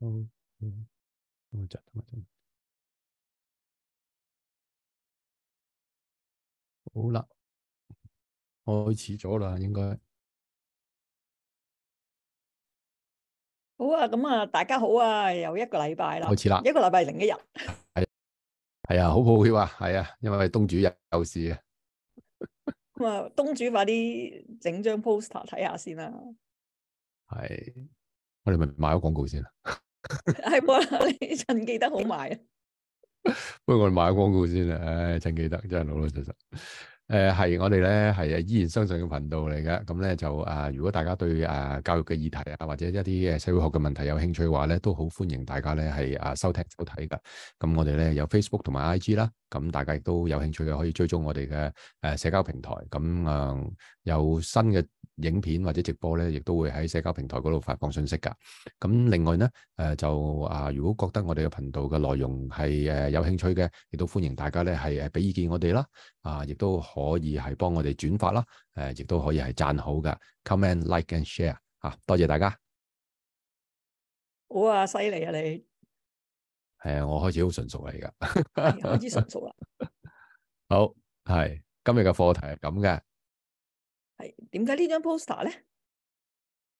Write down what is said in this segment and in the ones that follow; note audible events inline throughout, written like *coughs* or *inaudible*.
好，等我啦，開始咗啦，應該好啊，咁、嗯、啊，大家好啊，又一個禮拜啦，開始啦，一個禮拜零一日，係係啊，好抱歉啊，係啊，啊，因為東主日，有事 *laughs* 看看啊，咁啊，東主快啲整張 poster 睇下先啦，係，我哋咪買咗廣告先啊。係喎，你趁記得好買啊！不如我哋買個廣告先啦，唉、哎，趁記得真係老老實實。誒、呃，係我哋咧係誒伊研相信嘅頻道嚟嘅，咁咧就誒、呃，如果大家對誒、呃、教育嘅議題啊，或者一啲誒社會學嘅問題有興趣嘅話咧，都好歡迎大家咧係誒收聽收睇噶。咁我哋咧有 Facebook 同埋 IG 啦，咁大家亦都有興趣嘅可以追蹤我哋嘅誒社交平台。咁啊、呃、有新嘅。影片或者直播咧，亦都會喺社交平台嗰度發放信息噶。咁另外咧，誒、呃、就啊、呃，如果覺得我哋嘅頻道嘅內容係誒、呃、有興趣嘅，亦都歡迎大家咧係誒俾意見我哋啦。啊、呃，亦都可以係幫我哋轉發啦。誒、呃，亦都可以係讚好嘅 comment、like and share 嚇。多謝大家。好啊，犀利啊你。係啊、呃，我開始好純熟嚟噶，開始純熟啦。好，係今日嘅課題係咁嘅。係點解呢張 poster 咧？誒、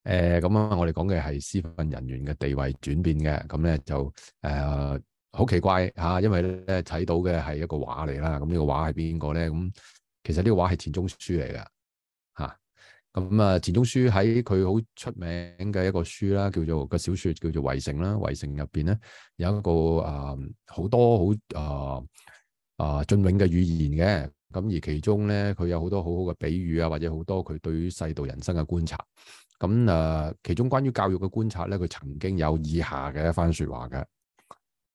呃，咁啊，我哋講嘅係師訓人員嘅地位轉變嘅，咁咧就誒好、呃、奇怪吓、啊，因為咧睇到嘅係一個畫嚟啦，咁呢個畫係邊個咧？咁其實呢個畫係錢鍾書嚟噶吓，咁啊錢鍾、啊、書喺佢好出名嘅一個書啦，叫做個小說叫做圍城啦，圍城入邊咧有一個、呃很很呃、啊好多好啊啊雋永嘅語言嘅。咁而其中咧，佢有好多好好嘅比喻啊，或者好多佢對於世道人生嘅觀察。咁誒、呃，其中關於教育嘅觀察咧，佢曾經有以下嘅一番說話嘅。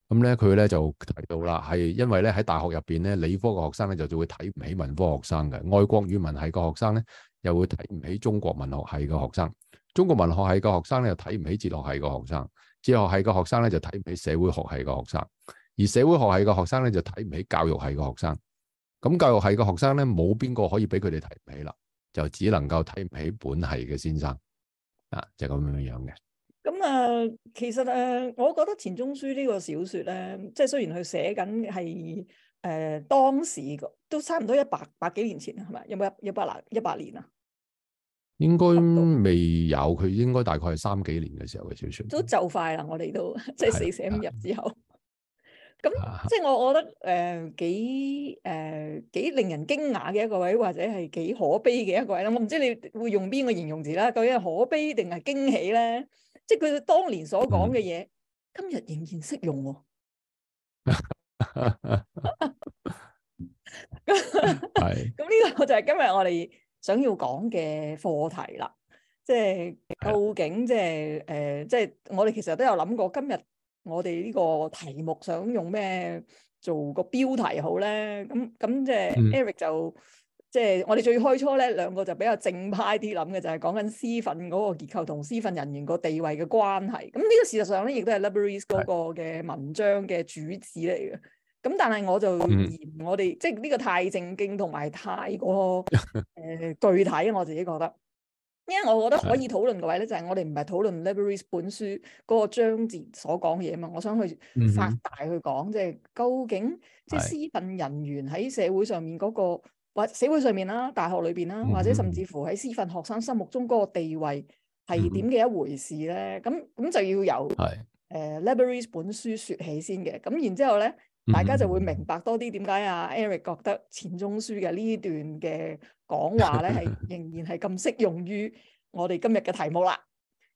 咁咧，佢咧就提到啦，係因為咧喺大學入邊咧，理科嘅學生咧就就會睇唔起文科學生嘅，外國語文系嘅學生咧又會睇唔起中國文學系嘅學生，中國文學系嘅學生咧又睇唔起哲學系嘅學生，哲學系嘅學生咧就睇唔起社會學系嘅學生，而社會學系嘅學生咧就睇唔起教育系嘅學生。咁教育系嘅學生咧，冇邊個可以俾佢哋睇唔起啦，就只能夠睇唔起本系嘅先生啊，就咁、係、樣樣嘅。咁啊、呃，其實啊、呃，我覺得錢鍾書呢個小説咧，即係雖然佢寫緊係誒當時都差唔多一百百幾年前，係咪有冇一百零一百年啊？應該未有，佢應該大概係三幾年嘅時候嘅小説，都就快啦。我哋都即係四五日之後。咁即係我我覺得誒、呃、幾誒、呃、幾令人驚訝嘅一個位，或者係幾可悲嘅一個位咧。我唔知你會用邊個形容詞啦，究竟係可悲定係驚喜咧？即係佢當年所講嘅嘢，嗯、今日仍然適用喎。係。咁呢個就係今日我哋想要講嘅課題啦。即係究竟、就是，即係誒，即係、呃就是、我哋其實都有諗過今日。我哋呢個題目想用咩做個標題好咧？咁咁即係 Eric 就即係、嗯、我哋最開初咧，兩個就比較正派啲諗嘅，就係講緊師訓嗰個結構同師訓人員個地位嘅關係。咁呢個事實上咧，亦都係 Liberis 嗰個嘅文章嘅主旨嚟嘅。咁是但係我就嫌我哋、嗯、即係呢個太正經同埋太過、那、誒、個 *laughs* 呃、具體，我自己覺得。因為我覺得可以討論嘅位咧，就係我哋唔係討論 l i b r a r y 本書嗰個章節所講嘢嘛，我想去發大去講，即係、嗯、哼究竟即係、就是、師訓人員喺社會上面嗰、那個、嗯、哼或社會上面啦、啊、大學裏邊啦，嗯、哼或者甚至乎喺師訓學生心目中嗰個地位係點嘅一回事咧。咁咁、嗯、哼就要由誒、嗯哼呃、l i b r a r y 本書説起先嘅。咁然之後咧，大家就會明白多啲點解啊。Eric 覺得錢鍾書嘅呢段嘅。講話咧係仍然係咁適用於我哋今日嘅題目啦。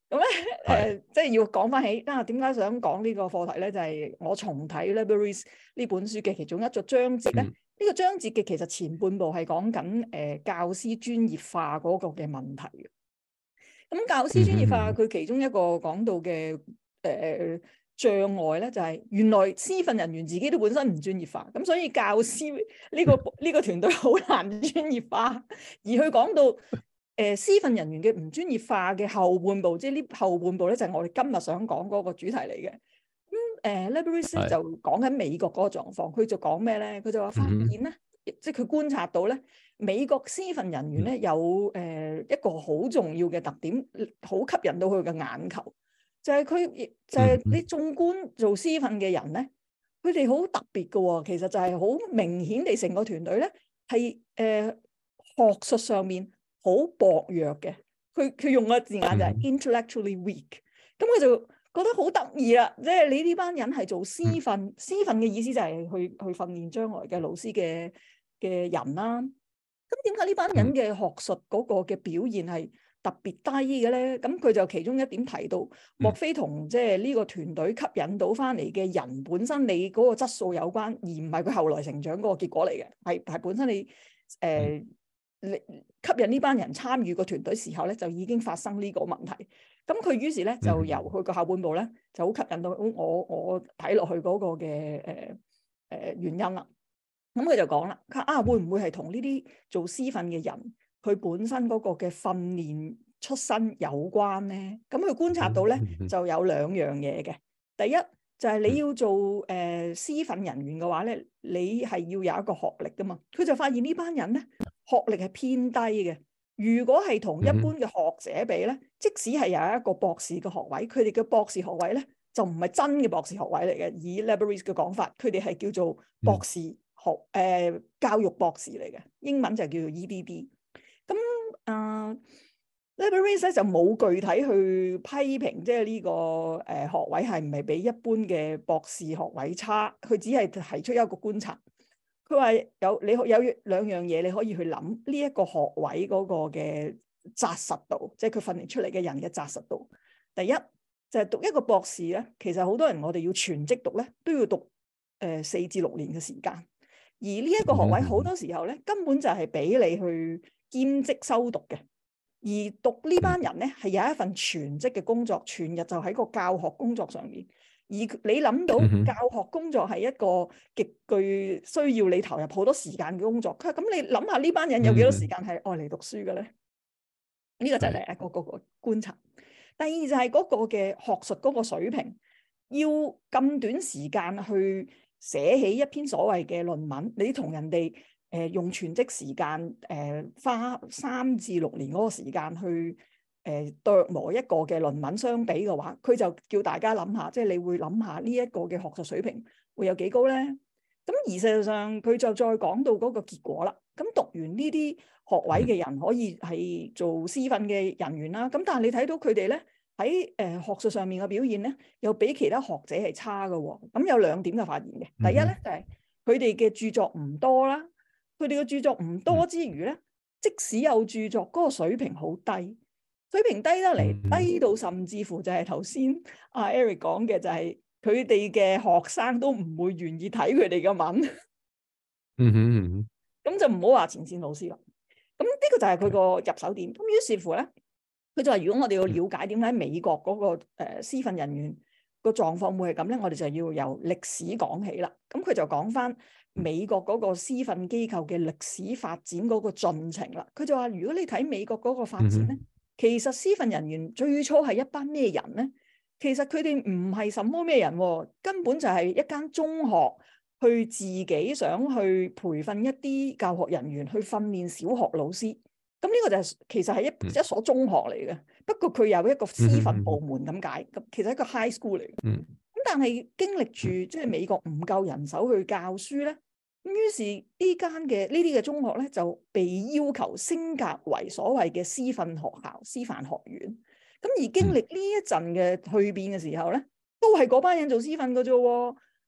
咁咧誒，即係要講翻起啦。點、啊、解想講呢個課題咧？就係、是、我重睇《Liberace》呢、 *noise* er、本書嘅其中一個章節咧。呢、這個章節嘅其實前半部係講緊誒教師專業化嗰個嘅問題嘅。咁教師專業化佢其中一個講到嘅誒。 *noise* 呃障礙咧就係、是、原來師訓人員自己都本身唔專業化，咁所以教師呢、這個呢 *laughs* 個團隊好難專業化。而佢講到誒師訓人員嘅唔專業化嘅後半部，即係呢後半部咧，就係我哋今日想講嗰個主題嚟嘅。咁誒，Liberis 就講緊美國嗰個狀況，佢就講咩咧？佢就話發現咧，嗯嗯即係佢觀察到咧，美國師訓人員咧、嗯、有誒、呃、一個好重要嘅特點，好吸引到佢嘅眼球。就係佢，就係、是、你縱觀做師訓嘅人咧，佢哋好特別嘅喎、哦。其實就係好明顯地團隊，成個團隊咧係誒學術上面好薄弱嘅。佢佢用個字眼就係 intellectually weak。咁我就覺得好得意啦，即、就、係、是、你呢班人係做師訓，師訓嘅意思就係去去訓練將來嘅老師嘅嘅人啦、啊。咁點解呢班人嘅學術嗰個嘅表現係特別低嘅咧，咁佢就其中一點提到，莫非同即係呢個團隊吸引到翻嚟嘅人本身，你嗰個質素有關，而唔係佢後來成長嗰個結果嚟嘅，係係本身你誒你、呃、吸引呢班人參與個團隊時候咧，就已經發生呢個問題。咁佢於是咧就由佢個下半部咧就好吸引到我我睇落去嗰個嘅誒誒原因啦。咁佢就講啦，啊會唔會係同呢啲做師訓嘅人，佢本身嗰個嘅訓練出身有關咧，咁佢觀察到咧就有兩樣嘢嘅。第一就係、是、你要做誒師、呃、訓人員嘅話咧，你係要有一個學歷噶嘛。佢就發現呢班人咧學歷係偏低嘅。如果係同一般嘅學者比咧，即使係有一個博士嘅學位，佢哋嘅博士學位咧就唔係真嘅博士學位嚟嘅。以 Liberis 嘅講法，佢哋係叫做博士學誒、呃、教育博士嚟嘅，英文就叫做 Ed.D. library 咧就冇具體去批評，即係呢個誒學位係唔係比一般嘅博士學位差。佢只係提出一個觀察，佢話有你有兩樣嘢你可以去諗呢一個學位嗰個嘅扎實度，即係佢訓練出嚟嘅人嘅扎實度。第一就係、是、讀一個博士咧,其實好多人我哋要全職讀咧，都要讀誒四至六年嘅時間。而呢一個學位好多時候咧，根本就係俾你去兼職修讀嘅。而讀呢班人咧，係有一份全職嘅工作，全日就喺個教學工作上面。而你諗到教學工作係一個極具需要你投入好多時間嘅工作，佢咁你諗下呢班人有幾多時間係愛嚟讀書嘅咧？呢、這個就係第一個個觀察。第二就係嗰個嘅學術嗰個水平，要咁短時間去寫起一篇所謂嘅論文，你同人哋。誒、呃、用全職時間，誒、呃、花三至六年嗰個時間去誒琢、呃、磨一個嘅論文相比嘅話，佢就叫大家諗下，即係你會諗下呢一個嘅學術水平會有幾高咧？咁而事實上佢就再講到嗰個結果啦。咁讀完呢啲學位嘅人可以係做師訓嘅人員啦。咁但係你睇到佢哋咧喺誒學術上面嘅表現咧，又比其他學者係差嘅喎、哦。咁有兩點嘅發現嘅，第一咧就係佢哋嘅著作唔多啦。佢哋嘅著作唔多之餘咧，即使有著作，嗰、那個水平好低，水平低得嚟，低到甚至乎就係頭先阿 Eric 講嘅、就是，就係佢哋嘅學生都唔會願意睇佢哋嘅文。嗯哼，咁就唔好話前線老師啦。咁呢個就係佢個入手點。咁於是乎咧，佢就話如果我哋要了解點解美國嗰、那個誒、呃、師訓人員個狀況會係咁咧，我哋就要由歷史講起啦。咁佢就講返。美國嗰個師訓機構嘅歷史發展嗰個進程啦，佢就話：如果你睇美國嗰個發展咧，其實師訓人員最初係一班咩人咧？其實佢哋唔係什麼咩人喎、啊，根本就係一間中學去自己想去培訓一啲教學人員去訓練小學老師。咁呢個就係、是、其實係一一所中學嚟嘅，不過佢有一個師訓部門咁解，咁其實係一個 high school 嚟。咁但係經歷住即係美國唔夠人手去教書咧，咁於是呢間嘅呢啲嘅中學咧就被要求升格為所謂嘅師訓學校、師範學院。咁而經歷呢一陣嘅蛻變嘅時候咧，都係嗰班人做師訓嘅啫。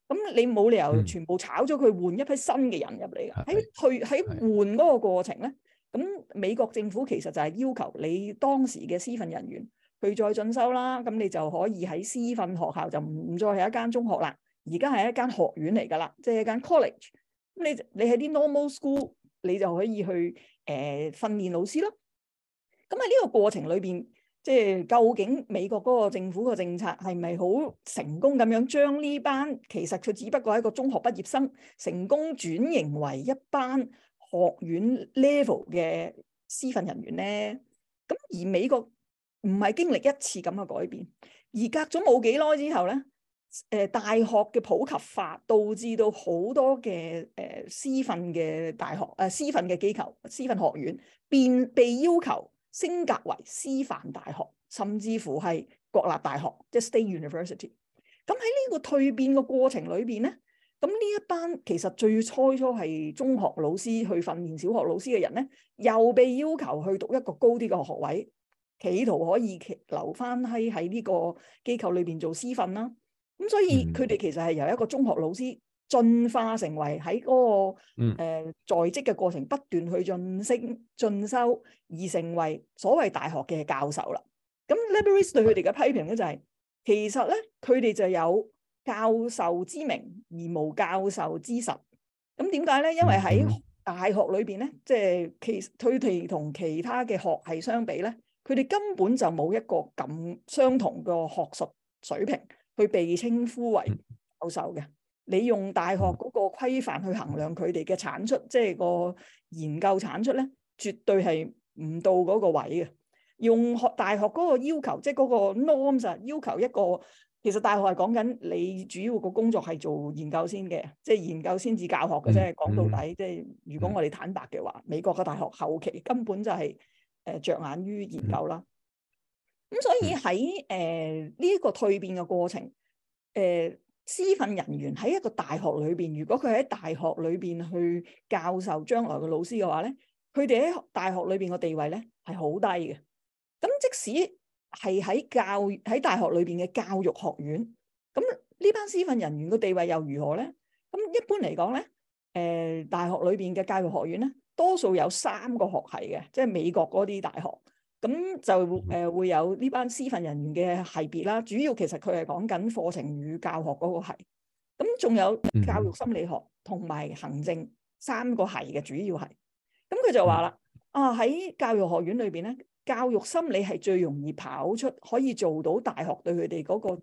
咁你冇理由全部炒咗佢，換一批新嘅人入嚟嘅。喺退喺換嗰個過程咧，咁美國政府其實就係要求你當時嘅師訓人員。佢再進修啦，咁你就可以喺師訓學校就唔再係一間中學啦，而家係一間學院嚟噶啦，即係一間 college。咁你你喺啲 normal school，你就可以去誒訓練老師咯。咁喺呢個過程裏邊，即係究竟美國嗰個政府個政策係咪好成功咁樣將呢班其實佢只不過係一個中學畢業生，成功轉型為一班學院 level 嘅師訓人員呢？咁而美國。唔係經歷一次咁嘅改變，而隔咗冇幾耐之後咧，誒、呃，大學嘅普及化導致到好多嘅誒、呃、師訓嘅大學誒、呃、師訓嘅機構師訓學院，便被要求升格為師範大學，甚至乎係國立大學，即係 State University。咁喺呢個蛻變嘅過程裏邊咧，咁呢一班其實最最初係中學老師去訓練小學老師嘅人咧，又被要求去讀一個高啲嘅學位。企圖可以留翻喺喺呢個機構裏邊做師訓啦，咁所以佢哋其實係由一個中學老師進化成為喺嗰個、呃、 *noise* 在職嘅過程不斷去進升、進修，而成為所謂大學嘅教授啦。咁 Liberace 對佢哋嘅批評咧就係、是，其實咧佢哋就有教授之名而無教授之實。咁點解咧？因為喺大學裏邊咧，即係其佢哋同其他嘅學系相比咧。佢哋根本就冇一個咁相同嘅學術水平去被稱呼為教授嘅。你用大學嗰個規範去衡量佢哋嘅產出，即係個研究產出咧，絕對係唔到嗰個位嘅。用學大學嗰個要求，即係嗰個 norms 要求一個。其實大學係講緊你主要個工作係做研究先嘅，即係研究先至教學嘅啫。講到底，即係如果我哋坦白嘅話，美國嘅大學後期根本就係。誒、呃，着眼於研究啦，咁、嗯、所以喺誒呢個蛻變嘅過程，誒、呃，師訓人員喺一個大學裏邊，如果佢喺大學裏邊去教授將來嘅老師嘅話咧，佢哋喺大學裏邊嘅地位咧係好低嘅。咁即使係喺教喺大學裏邊嘅教育學院，咁呢班師訓人員嘅地位又如何咧？咁一般嚟講咧，誒、呃，大學裏邊嘅教育學院咧。多數有三個學系嘅，即係美國嗰啲大學，咁就誒會、呃、會有呢班師訓人員嘅系別啦。主要其實佢係講緊課程與教學嗰個係，咁仲有教育心理學同埋行政三個係嘅主要係。咁佢就話啦，嗯、啊喺教育學院裏邊咧，教育心理係最容易跑出可以做到大學對佢哋嗰個、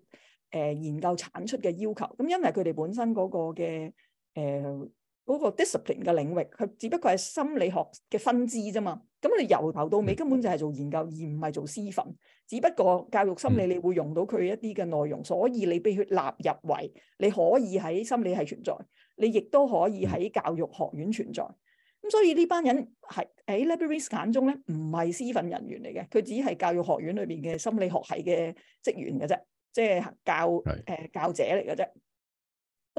呃、研究產出嘅要求。咁因為佢哋本身嗰個嘅誒。呃嗰個 discipline 嘅領域，佢只不過係心理學嘅分支啫嘛。咁你由頭到尾根本就係做研究，而唔係做師訓。只不過教育心理你會用到佢一啲嘅內容，所以你被佢納入為你可以喺心理系存在，你亦都可以喺教育學院存在。咁所以呢班人係喺 librarians 眼中咧，唔係師訓人員嚟嘅，佢只係教育學院裏邊嘅心理學系嘅職員嘅啫，即係教誒教者嚟嘅啫。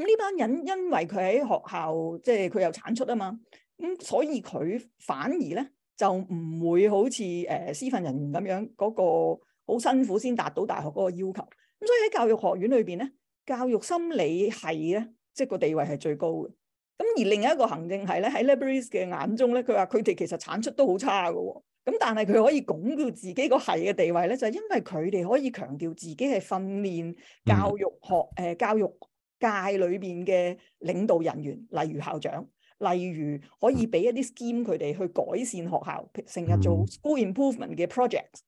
咁呢班人因為佢喺學校，即係佢有產出啊嘛，咁所以佢反而咧就唔會好似誒師訓人員咁樣嗰、那個好辛苦先達到大學嗰個要求。咁所以喺教育學院裏邊咧，教育心理系咧，即係個地位係最高嘅。咁而另一個行政系咧，喺 Lebris 嘅眼中咧，佢話佢哋其實產出都好差嘅、哦，咁但係佢可以鞏固自己個係嘅地位咧，就係、是、因為佢哋可以強調自己係訓練教育學誒、嗯呃、教育界裏邊嘅領導人員，例如校長，例如可以俾一啲 scheme 佢哋去改善學校，成日做 school improvement 嘅 projects。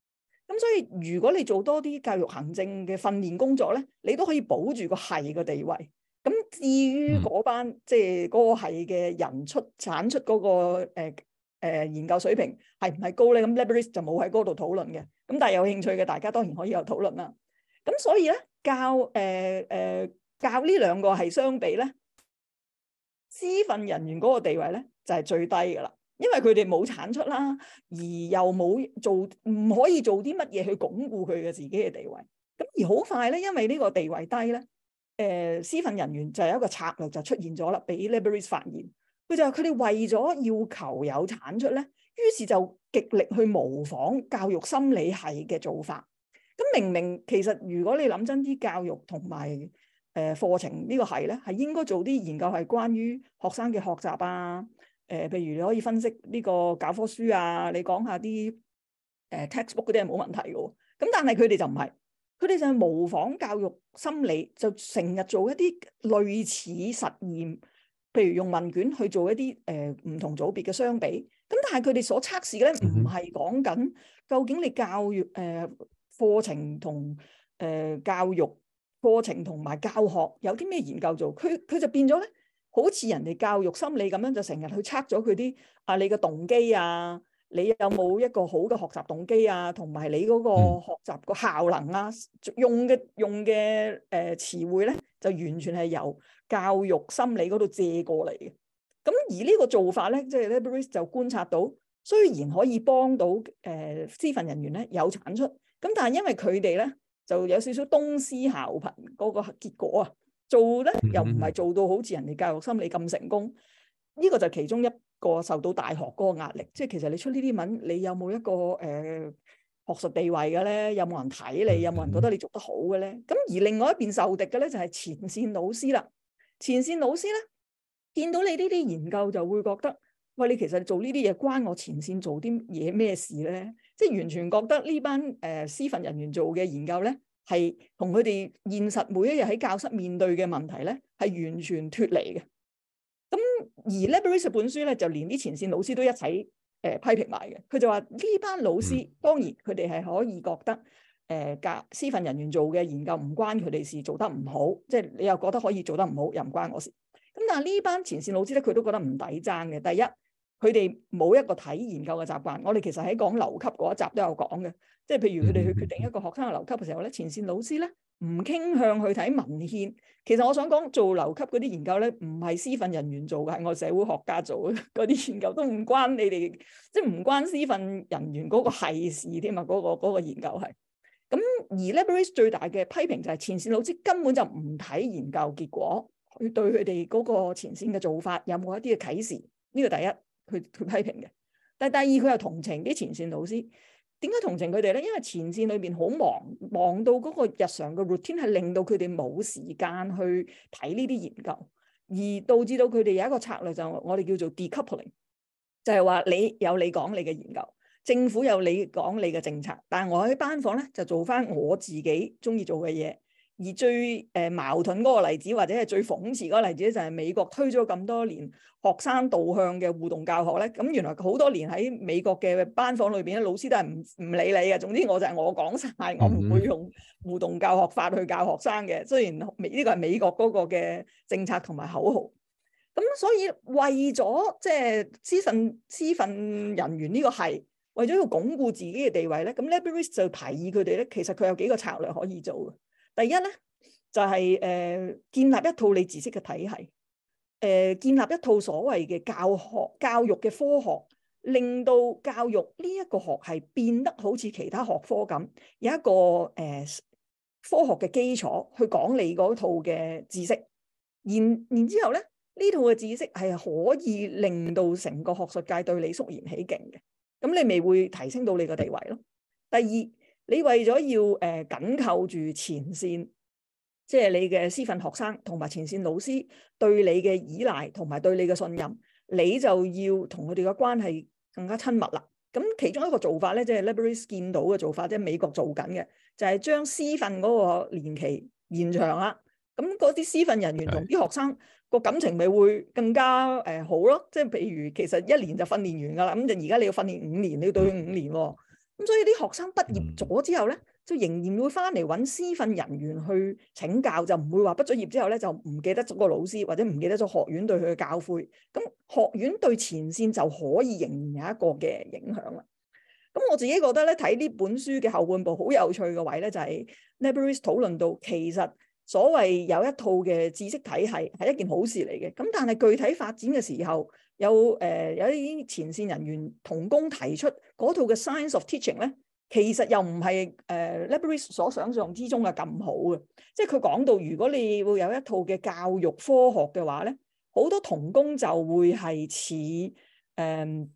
咁所以如果你做多啲教育行政嘅訓練工作咧，你都可以保住個係嘅地位。咁至於嗰班即係嗰個係嘅人出產出嗰、嗰個誒、呃呃、研究水平係唔係高咧？咁 libraries 就冇喺嗰度討論嘅。咁但係有興趣嘅大家當然可以有討論啦。咁所以咧教誒誒。呃呃教呢兩個係相比咧，師訓人員嗰個地位咧就係、是、最低㗎喇，因為佢哋冇產出啦，而又冇做唔可以做啲乜嘢去鞏固佢嘅自己嘅地位。咁而好快咧，因為呢個地位低咧，誒、呃、師訓人員就有一個策略就出現咗啦，俾 libraries 發現。佢就話佢哋為咗要求有產出咧，於是就極力去模仿教育心理系嘅做法。咁明明其實如果你諗真啲教育同埋。誒課程呢個係咧，係應該做啲研究係關於學生嘅學習啊。誒、呃，譬如你可以分析呢個教科書啊，你講下啲誒、呃、textbook 啲係冇問題嘅。咁但係佢哋就唔係，佢哋就係模仿教育心理，就成日做一啲類似實驗，譬如用問卷去做一啲誒唔同組別嘅相比。咁但係佢哋所測試嘅咧，唔係講緊究竟你教育誒、呃、課程同誒、呃、教育。課程同埋教學有啲咩研究做？佢佢就變咗咧，好似人哋教育心理咁樣，就成日去測咗佢啲啊，你嘅動機啊，你有冇一個好嘅學習動機啊，同埋你嗰個學習個效能啊，用嘅用嘅誒、呃、詞彙咧，就完全係由教育心理嗰度借過嚟嘅。咁而呢個做法咧，即係 Lebris 就觀察到，雖然可以幫到誒師訓人員咧有產出，咁但係因為佢哋咧。就有少少東施效顰嗰個結果啊，做得又唔係做到好似人哋教育心理咁成功，呢個就其中一個受到大學嗰個壓力。即係其實你出呢啲文，你有冇一個誒、呃、學術地位嘅咧？有冇人睇你？有冇人覺得你做得好嘅咧？咁而另外一邊受敵嘅咧，就係前線老師啦。前線老師咧見到你呢啲研究，就會覺得喂，你其實做呢啲嘢關我前線做啲嘢咩事咧？即係完全覺得呢班誒師訓人員做嘅研究咧，係同佢哋現實每一日喺教室面對嘅問題咧，係完全脫離嘅。咁而 Liberation 本書咧，就連啲前線老師都一齊誒、呃、批評埋嘅。佢就話呢班老師當然佢哋係可以覺得誒教師訓人員做嘅研究唔關佢哋事，做得唔好，即、就、係、是、你又覺得可以做得唔好，又唔關我事。咁但係呢班前線老師咧，佢都覺得唔抵爭嘅。第一。佢哋冇一個睇研究嘅習慣。我哋其實喺講留級嗰一集都有講嘅，即係譬如佢哋去決定一個學生去留級嘅時候咧，前線老師咧唔傾向去睇文獻。其實我想講做留級嗰啲研究咧，唔係師訓人員做嘅，係我社會學家做嘅嗰啲研究，都唔關你哋，即係唔關師訓人員嗰個係事添啊！嗰、嗰個嗰個研究係。咁而 Labaree 最大嘅批評就係前線老師根本就唔睇研究結果，去對佢哋嗰個前線嘅做法有冇一啲嘅啟示。呢、呢個第一。佢佢批評嘅，但係第二佢又同情啲前線老師，點解同情佢哋咧？因為前線裏邊好忙，忙到嗰個日常嘅 routine 係令到佢哋冇時間去睇呢啲研究，而導致到佢哋有一個策略，就我哋叫做 decoupling，就係話你有你講你嘅研究，政府有你講你嘅政策，但係我喺班房咧就做翻我自己中意做嘅嘢。而最誒矛盾嗰個例子，或者係最諷刺嗰個例子，就係美國推咗咁多年學生導向嘅互動教學咧。咁原來好多年喺美國嘅班房裏邊咧，老師都係唔唔理你嘅。總之我就係我講晒，我唔會用互動教學法去教學生嘅。雖然呢個係美國嗰個嘅政策同埋口號。咁所以為咗即係師訓師訓人員呢個係，為咗要鞏固自己嘅地位咧，咁 Labaree 就提議佢哋咧，其實佢有幾個策略可以做。第一咧，就係、是、誒、呃、建立一套你知識嘅體系，誒、呃、建立一套所謂嘅教學、教育嘅科學，令到教育呢一個學系變得好似其他學科咁，有一個誒、呃、科學嘅基礎去講你嗰套嘅知識。然然之後咧，呢套嘅知識係可以令到成個學術界對你肅然起敬嘅，咁你咪會提升到你嘅地位咯。第二。你為咗要誒緊扣住前線，即係你嘅師訓學生同埋前線老師對你嘅依賴同埋對你嘅信任，你就要同佢哋嘅關係更加親密啦。咁其中一個做法咧，即係 libraries 見到嘅做法，即係美國做緊嘅，就係將師訓嗰個年期延長啦。咁嗰啲師訓人員同啲學生個感情咪會更加誒、呃、好咯。即係譬如其實一年就訓練完噶啦，咁就而家你要訓練五年，你要對五年哦。咁所以啲學生畢業咗之後咧，就仍然會翻嚟揾師訓人員去請教，就唔會話畢咗業之後咧就唔記得咗個老師，或者唔記得咗學院對佢嘅教誨。咁學院對前線就可以仍然有一個嘅影響啦。咁我自己覺得咧，睇呢本書嘅後半部好有趣嘅位咧，就係 Naburis 討論到，其實所謂有一套嘅知識體系係一件好事嚟嘅。咁但係具體發展嘅時候，有誒有啲前線人員同工提出嗰套嘅 science of teaching 咧，其實又唔係誒 library 所想象之中嘅咁好嘅。即係佢講到，如果你會有一套嘅教育科學嘅話咧，好多同工就會係似誒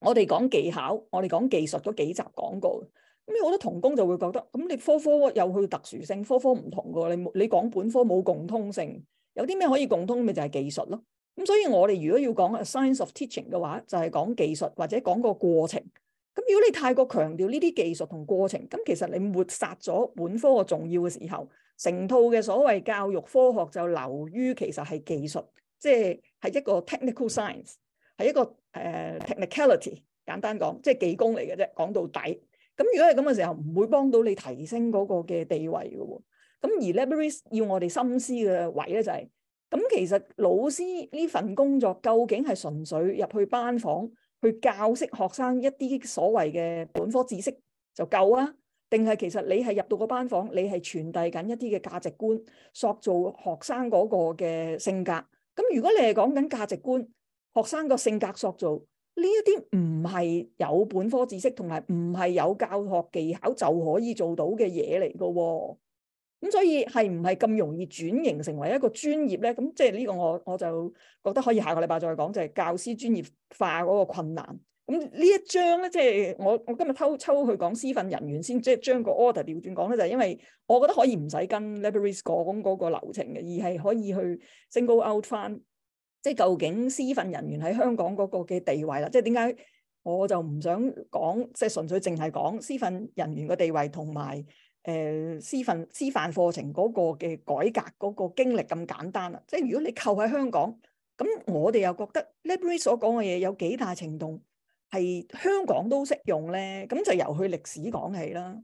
我哋講技巧、我哋講技術嗰幾集講過，咁好多同工就會覺得，咁你科科有佢特殊性，科科唔同嘅，你你講本科冇共通性，有啲咩可以共通咪就係技術咯。咁所以，我哋如果要講 science of teaching 嘅話，就係、是、講技術或者講個過程。咁如果你太過強調呢啲技術同過程，咁其實你抹殺咗本科嘅重要嘅時候，成套嘅所謂教育科學就流於其實係技術，即係係一個 technical science，係一個誒 technicality。簡單講，即、就、係、是、技工嚟嘅啫。講到底，咁如果係咁嘅時候，唔會幫到你提升嗰個嘅地位㗎喎。咁而 libraries 要我哋深思嘅位咧，、就是，就係。咁其實老師呢份工作究竟係純粹入去班房去教識學生一啲所謂嘅本科知識就夠啊？定係其實你係入到個班房，你係傳遞緊一啲嘅價值觀，塑造學生嗰個嘅性格？咁如果你係講緊價值觀，學生個性格塑造呢一啲唔係有本科知識同埋唔係有教學技巧就可以做到嘅嘢嚟㗎喎。咁所以係唔係咁容易轉型成為一個專業咧？咁即係呢個我我就覺得可以下個禮拜再講，就係教師專業化嗰個困難。咁呢一章咧，即、就、係、是、我我今日偷抽，抽去講師訓人員先，即係將個 order 調轉講咧，就是、因為我覺得可以唔使跟 libraries 嗰咁嗰個流程嘅，而係可以去 single out 翻，即係究竟師訓人員喺香港嗰個嘅地位啦。即係點解我就唔想講，即、就、係、是、純粹淨係講師訓人員嘅地位同埋。誒師訓師範課程嗰個嘅改革嗰個經歷咁簡單啦、啊，即係如果你扣喺香港，咁我哋又覺得 Library 所講嘅嘢有幾大程度係香港都適用咧？咁就由佢歷史講起啦。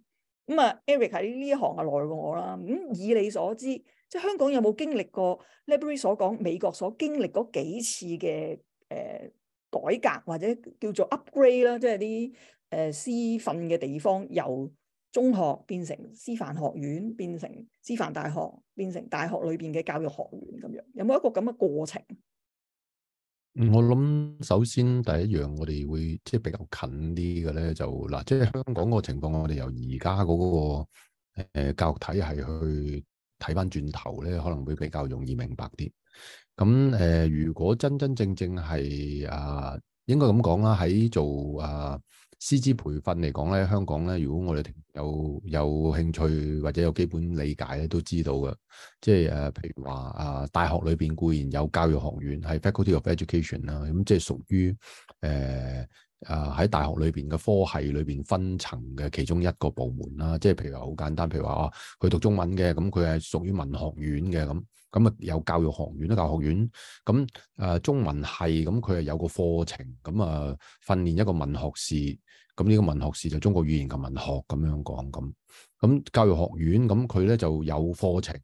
咁、嗯、啊，Eric 喺呢一行啊耐過我啦。咁、嗯、以你所知，即係香港有冇經歷過 Library 所講，美國所經歷嗰幾次嘅誒、呃、改革或者叫做 upgrade 啦？即係啲誒師訓嘅地方由。中學變成師範學院，變成師範大學，變成大學裏邊嘅教育學院咁樣，有冇一個咁嘅過程？我諗首先第一樣我，我哋會即係比較近啲嘅咧，就嗱，即係香港個情況，我哋由而家嗰個誒教育體系去睇翻轉頭咧，可能會比較容易明白啲。咁誒、呃，如果真真正正係啊，應該咁講啦，喺做啊。師資培訓嚟講咧，香港咧，如果我哋有有興趣或者有基本理解咧，都知道嘅。即係誒，譬如話啊，大學裏邊固然有教育學院，係 Faculty of Education 啦、啊。咁即係屬於誒、呃、啊喺大學裏邊嘅科系裏邊分層嘅其中一個部門啦、啊。即係譬如話好簡單，譬如話啊，佢讀中文嘅，咁佢係屬於文學院嘅。咁咁啊有教育學院，啊教育學院。咁、嗯、誒、啊、中文系咁佢係有個課程，咁、嗯、啊訓練一個文學士。咁呢個文學士就中國語言嘅文學咁樣講，咁教育學院，咁佢呢就有課程。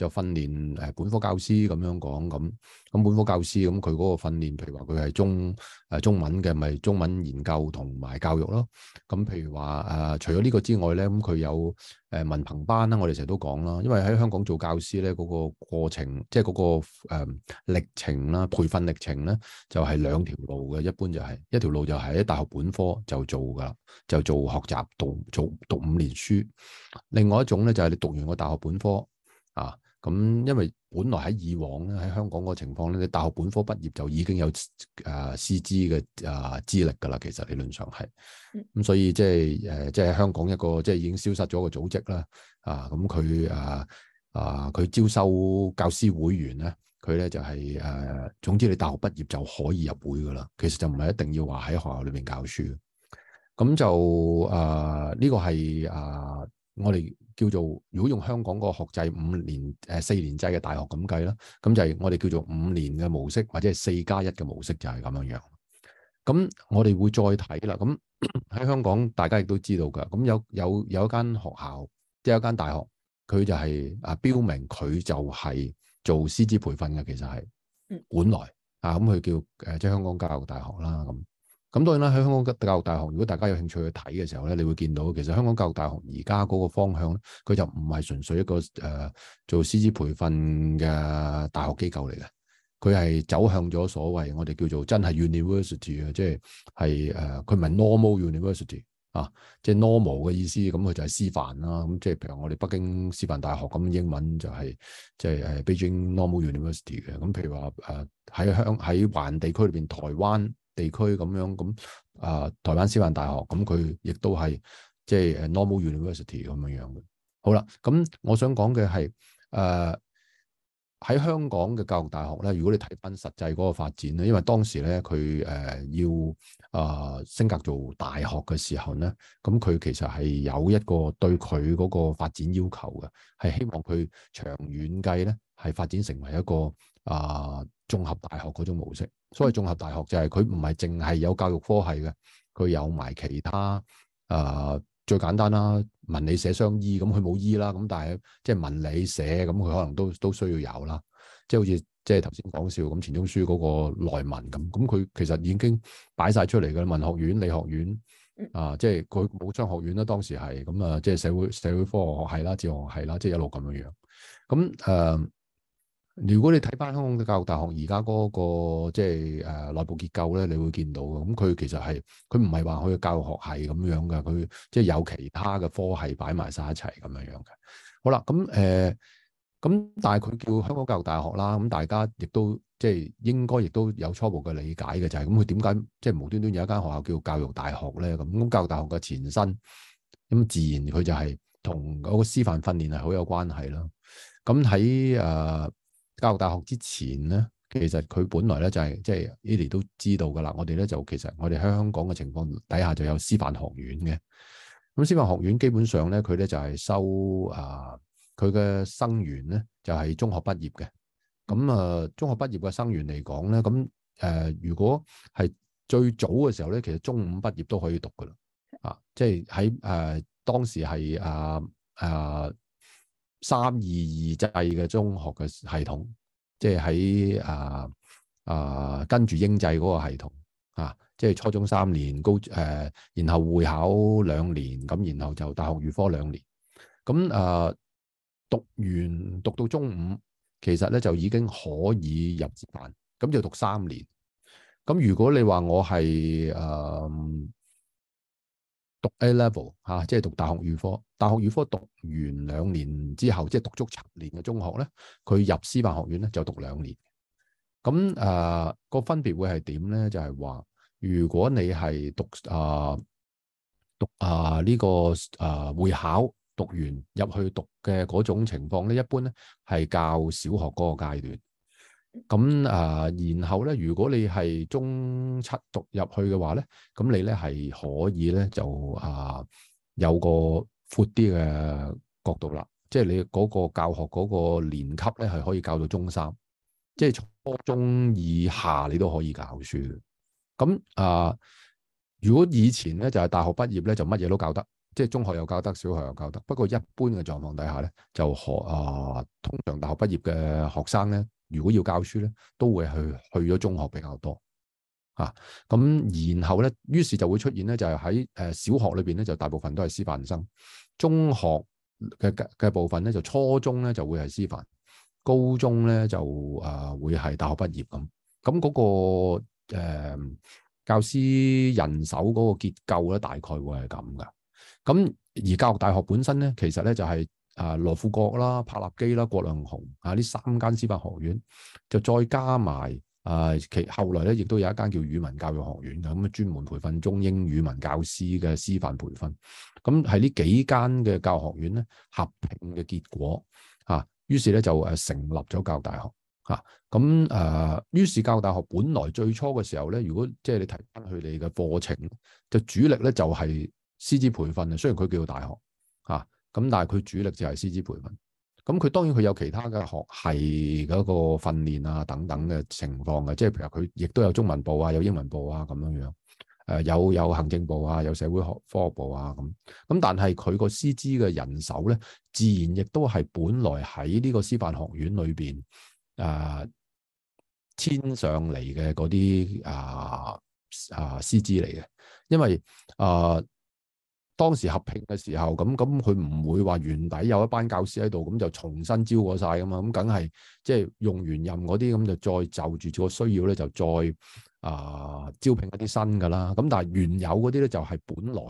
就訓練誒本科教師咁樣講，咁咁本科教師咁佢嗰個訓練，譬如話佢係中誒、呃、中文嘅，咪、就是、中文研究同埋教育咯。咁譬如話誒、呃，除咗呢個之外咧，咁佢有誒、呃、文憑班啦。我哋成日都講啦，因為喺香港做教師咧，嗰、那個過程即係嗰個誒、呃、歷程啦，培訓歷程咧就係、是、兩條路嘅。一般就係、是、一條路就係喺大學本科就做㗎啦，就做學習讀做讀，讀五年書。另外一種咧就係、是、你讀完個大學本科。咁因為本來喺以往咧，喺香港個情況咧，你大學本科畢業就已經有誒師資嘅誒資歷噶啦，其實理論上係，咁所以即係誒即係香港一個即係已經消失咗個組織啦，啊咁佢啊啊佢招收教師會員咧，佢咧就係、是、誒、啊、總之你大學畢業就可以入會噶啦，其實就唔係一定要話喺學校裡邊教書，咁就誒呢、啊這個係誒、啊、我哋。叫做如果用香港個學制五年誒四年制嘅大學咁計啦，咁就係我哋叫做五年嘅模式，或者係四加一嘅模式，就係咁樣樣。咁我哋會再睇啦。咁喺香港，大家亦都知道噶。咁有有有一間學校，即係一間大學，佢就係啊標明佢就係做師資培訓嘅，其實係本來啊咁，佢叫誒即係香港教育大學啦咁。咁當然啦，喺香港教育大學，如果大家有興趣去睇嘅時候咧，你會見到其實香港教育大學而家嗰個方向咧，佢就唔係純粹一個誒、呃、做師資培訓嘅大學機構嚟嘅，佢係走向咗所謂我哋叫做真係 university 啊，即係係誒佢唔係 normal university 啊，即係 normal 嘅意思，咁、嗯、佢就係師範啦、啊。咁、嗯、即係譬如我哋北京師範大學咁，英文就係、是就是、即係係北京 Normal University 嘅。咁、嗯、譬如話誒喺香喺環地區裏邊，台灣。地區咁樣咁啊、呃，台灣師範大學咁，佢亦都係即係 normal university 咁樣樣嘅。好啦，咁、嗯、我想講嘅係誒喺香港嘅教育大學咧，如果你睇返實際嗰個發展咧，因為當時咧佢誒要啊、呃、升格做大學嘅時候咧，咁、嗯、佢其實係有一個對佢嗰個發展要求嘅，係希望佢長遠計咧係發展成為一個啊。呃綜合大學嗰種模式，所謂綜合大學就係佢唔係淨係有教育科系嘅，佢有埋其他誒、呃，最簡單啦，文理社商醫，咁佢冇醫啦，咁但係即係文理社，咁佢可能都都需要有啦，即係好似即係頭先講笑咁，錢鍾書嗰個內文咁，咁佢其實已經擺晒出嚟嘅文學院、理學院，啊、呃，即係佢武昌學院啦，當時係咁啊，即係社會社會科學學系啦、哲學學系啦，即係一路咁樣樣，咁誒。呃如果你睇翻香港嘅教育大學而家嗰個即係誒內部結構咧，你會見到嘅。咁佢其實係佢唔係話佢嘅教育學系咁樣嘅，佢即係有其他嘅科系擺埋晒一齊咁樣樣嘅。好啦，咁誒，咁但係佢叫香港教育大學啦，咁大家亦都即係、就是、應該亦都有初步嘅理解嘅、就是，就係咁佢點解即係無端端有一間學校叫教育大學咧？咁、嗯、咁教育大學嘅前身咁、嗯、自然佢就係同嗰個師範訓練係好有關係啦。咁喺誒。教大學之前咧，其實佢本來咧就係即係 Eddy 都知道噶啦。我哋咧就其實我哋喺香港嘅情況底下就有師範學院嘅。咁師範學院基本上咧，佢咧就係收啊，佢、呃、嘅生源咧就係、是、中學畢業嘅。咁啊、呃，中學畢業嘅生源嚟講咧，咁誒、呃，如果係最早嘅時候咧，其實中五畢業都可以讀噶啦。啊，即係喺誒當時係啊啊。呃呃三二二制嘅中學嘅系統，即係喺啊啊跟住英制嗰個系統啊，即係初中三年，高誒、呃，然後會考兩年，咁然後就大學預科兩年，咁啊、呃、讀完讀到中五，其實咧就已經可以入職班，咁就讀三年。咁如果你話我係誒？呃讀 A level 吓、啊，即係讀大學預科。大學預科讀完兩年之後，即係讀足七年嘅中學咧，佢入師範學院咧就讀兩年。咁誒、呃、個分別會係點咧？就係、是、話如果你係讀啊、呃、讀啊呢、呃這個誒、呃、會考，讀完入去讀嘅嗰種情況咧，一般咧係教小學嗰個階段。咁啊，然後咧，如果你係中七讀入去嘅話咧，咁你咧係可以咧就啊有個闊啲嘅角度啦，即係你嗰個教學嗰個年級咧係可以教到中三，即係初中以下你都可以教書。咁啊，如果以前咧就係、是、大學畢業咧就乜嘢都教得，即係中學又教得，小學又教得。不過一般嘅狀況底下咧就學啊，通常大學畢業嘅學生咧。如果要教書咧，都會去去咗中學比較多啊。咁然後咧，於是就會出現咧，就係喺誒小學裏邊咧，就大部分都係師範生；中學嘅嘅部分咧，就初中咧就會係師範，高中咧就誒、呃、會係大學畢業咁。咁嗰、嗰個、呃、教師人手嗰個結構咧，大概會係咁噶。咁而教育大學本身咧，其實咧就係、係。啊，羅富國啦、柏立基啦、葛量洪啊，呢三間師範學院就再加埋啊，其後來咧亦都有一間叫語文教育學院，咁啊專門培訓中英語文教師嘅師範培訓。咁係呢幾間嘅教育學院咧合併嘅結果啊，於是咧就誒成立咗教育大學。吓咁誒，於是教育大學本來最初嘅時候咧，如果即係、就是、你睇翻佢哋嘅課程，就主力咧就係師資培訓啊。雖然佢叫做大學，吓、啊。咁但係佢主力就係師資培訓，咁佢當然佢有其他嘅學系嗰個訓練啊等等嘅情況嘅，即係譬如佢亦都有中文部啊，有英文部啊咁樣樣，誒呃有有行政部啊，有社會學科學部啊咁，咁但係佢個師資嘅人手咧，自然亦都係本來喺呢個師範學院裏邊誒遷上嚟嘅嗰啲啊啊師資嚟嘅，因為啊。呃當時合併嘅時候，咁咁佢唔會話原底有一班教師喺度，咁就重新招過晒㗎嘛，咁梗係即係用原任嗰啲，咁就再就住、這個需要咧，就再啊、呃、招聘一啲新噶啦。咁但係原有嗰啲咧就係本來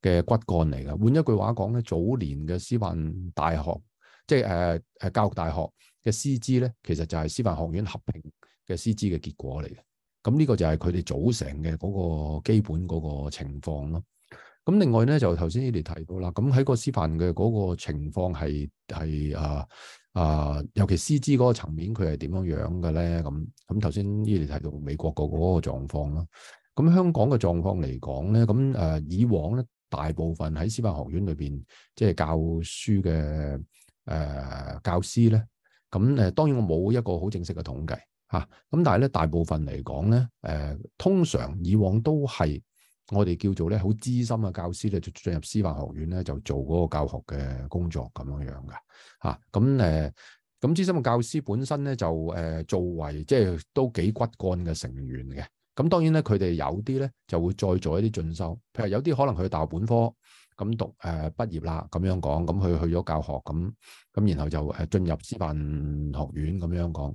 嘅骨幹嚟嘅。換一句話講咧，早年嘅師範大學，即係誒誒教育大學嘅師資咧，其實就係師範學院合併嘅師資嘅結果嚟嘅。咁呢個就係佢哋組成嘅嗰個基本嗰個情況咯。咁另外咧就頭先呢度提到啦，咁喺個師範嘅嗰個情況係係啊啊，尤其師資嗰個層面佢係點樣樣嘅咧？咁咁頭先呢度提到美國個嗰個狀況咯。咁香港嘅狀況嚟講咧，咁誒、呃、以往咧大部分喺師範學院裏邊即係教書嘅誒、呃、教師咧，咁誒、呃、當然我冇一個好正式嘅統計嚇。咁、啊、但係咧大部分嚟講咧，誒、呃、通常以往都係。我哋叫做咧好資深嘅教師咧，就進入師範學院咧，就做嗰個教學嘅工作咁樣樣嘅吓。咁、啊、誒，咁資深嘅教師本身咧就誒、呃，作為即係都幾骨幹嘅成員嘅。咁當然咧，佢哋有啲咧就會再做一啲進修。譬如有啲可能佢大學本科咁讀誒畢、呃、業啦，咁樣講，咁佢去咗教學，咁咁然後就誒進入師範學院咁樣講。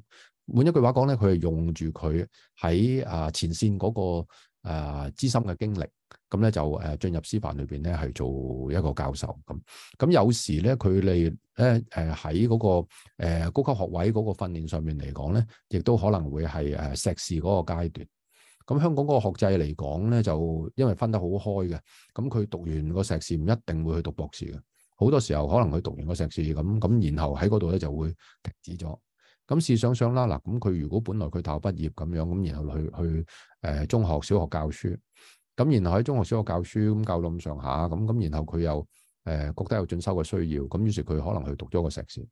換一句話講咧，佢係用住佢喺啊前線嗰、那個。誒、啊、資深嘅經歷，咁咧就誒進入師範裏邊咧係做一個教授咁。咁有時咧佢哋咧誒喺嗰個、呃、高級學位嗰個訓練上面嚟講咧，亦都可能會係誒碩士嗰個階段。咁香港嗰個學制嚟講咧，就因為分得好開嘅，咁佢讀完個碩士唔一定會去讀博士嘅。好多時候可能佢讀完個碩士咁，咁然後喺嗰度咧就會停止咗。咁試想想啦，嗱，咁佢如果本來佢大學畢業咁樣，咁然後去去誒、呃、中學、小學教書，咁然後喺中學、小學教書咁、嗯、教到咁上下，咁、嗯、咁然後佢又誒、呃、覺得有進修嘅需要，咁、嗯、於是佢可能去讀咗個碩士，咁、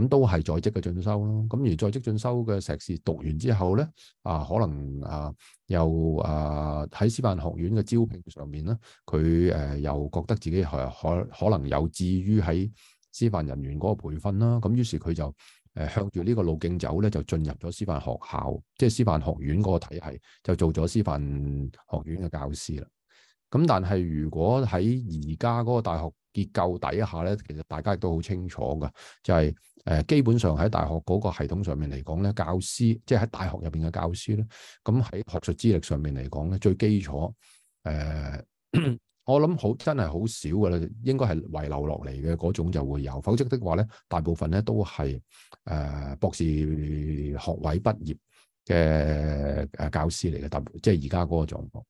嗯、都係在職嘅進修咯。咁、嗯、而在職進修嘅碩士讀完之後咧，啊可能啊又啊喺師範學院嘅招聘上面咧，佢誒、呃、又覺得自己係可可能有志於喺師範人員嗰個培訓啦，咁、啊、於、嗯、是佢就。誒向住呢個路徑走咧，就進入咗師範學校，即係師範學院嗰個體系，就做咗師範學院嘅教師啦。咁但係如果喺而家嗰個大學結構底下咧，其實大家亦都好清楚嘅，就係誒基本上喺大學嗰個系統上面嚟講咧，教師即係喺大學入邊嘅教師咧，咁喺學術資歷上面嚟講咧，最基礎誒。呃 *coughs* 我諗好真係好少㗎喇，應該係遺留落嚟嘅嗰種就會有，否則的話咧，大部分咧都係誒、呃、博士學位畢業嘅誒教師嚟嘅，大即係而家嗰個狀況。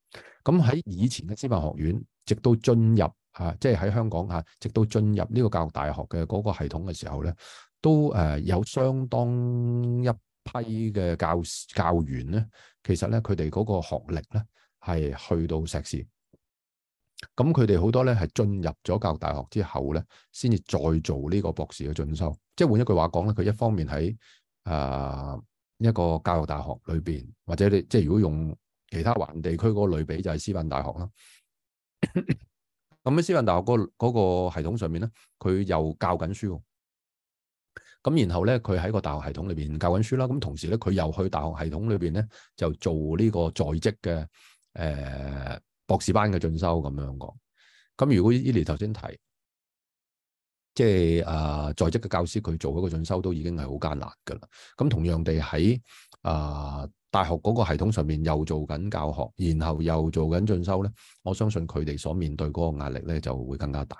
咁喺以前嘅師範學院，直到進入吓、啊，即係喺香港吓，直到進入呢個教育大學嘅嗰個系統嘅時候咧，都誒有相當一批嘅教教員咧，其實咧佢哋嗰個學歷咧係去到碩士。咁佢哋好多咧，係進入咗教育大學之後咧，先至再做呢個博士嘅進修。即係換一句話講咧，佢一方面喺啊、呃、一個教育大學裏邊，或者你即係如果用其他環地區嗰類比，就係師範大學啦。咁喺師範大學嗰嗰、嗰個系統上面咧，佢又教緊書。咁然後咧，佢喺個大學系統裏邊教緊書啦。咁同時咧，佢又去大學系統裏邊咧，就做呢個在職嘅誒。呃博士班嘅進修。咁樣講，咁如果 Eli 頭先提，即係誒在職嘅教師佢做一個進修都已經係好艱難㗎啦。咁同樣地喺誒、呃、大學嗰個系統上面又做緊教學，然後又做緊進修咧，我相信佢哋所面對嗰個壓力咧就會更加大。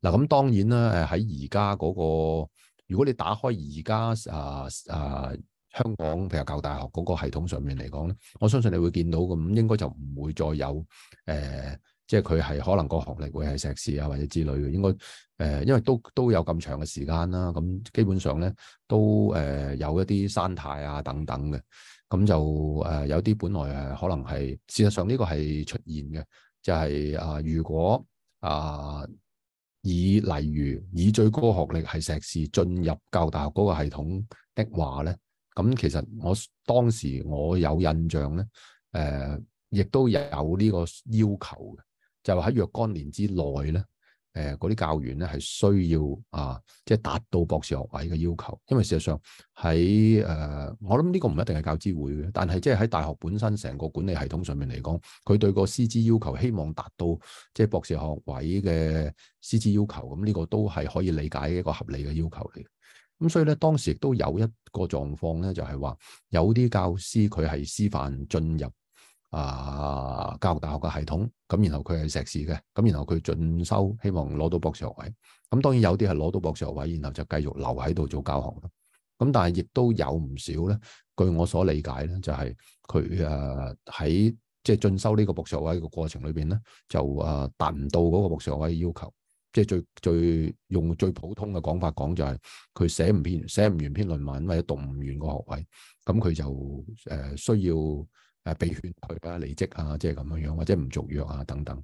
嗱、呃，咁當然啦，誒喺而家嗰個，如果你打開而家誒誒。呃呃香港譬如教大學嗰個系統上面嚟講咧，我相信你會見到咁，應該就唔會再有誒、呃，即係佢係可能個學歷會係碩士啊或者之類嘅。應該誒、呃，因為都都有咁長嘅時間啦、啊，咁基本上咧都誒、呃、有一啲山態啊等等嘅，咁就誒、呃、有啲本來誒可能係事實上呢個係出現嘅，就係、是、啊、呃，如果啊、呃、以例如以最高學歷係碩士進入教大學嗰個系統的話咧。咁其實我當時我有印象咧，誒，亦都有呢個要求嘅，就係話喺若干年之內咧，誒，嗰啲教員咧係需要啊，即係達到博士學位嘅要求。因為事實上喺誒，我諗呢個唔一定係教資會嘅，但係即係喺大學本身成個管理系統上面嚟講，佢對個師資要求希望達到即係博士學位嘅師資要求，咁呢個都係可以理解一個合理嘅要求嚟。咁所以咧，當時亦都有一個狀況咧，就係、是、話有啲教師佢係師範進入啊、呃、教育大學嘅系統，咁然後佢係碩士嘅，咁然後佢進修希望攞到博士學位。咁、嗯、當然有啲係攞到博士學位，然後就繼續留喺度做教學咯。咁、嗯、但係亦都有唔少咧，據我所理解咧，就係佢誒喺即係進修呢個博士學位嘅過程裏邊咧，就誒達唔到嗰個博士學位嘅要求。即係最最用最普通嘅講法講，就係佢寫唔篇寫唔完篇論文或者讀唔完個學位，咁佢就誒、呃、需要誒被勸退啊、離職啊，即係咁樣樣或者唔續約啊等等。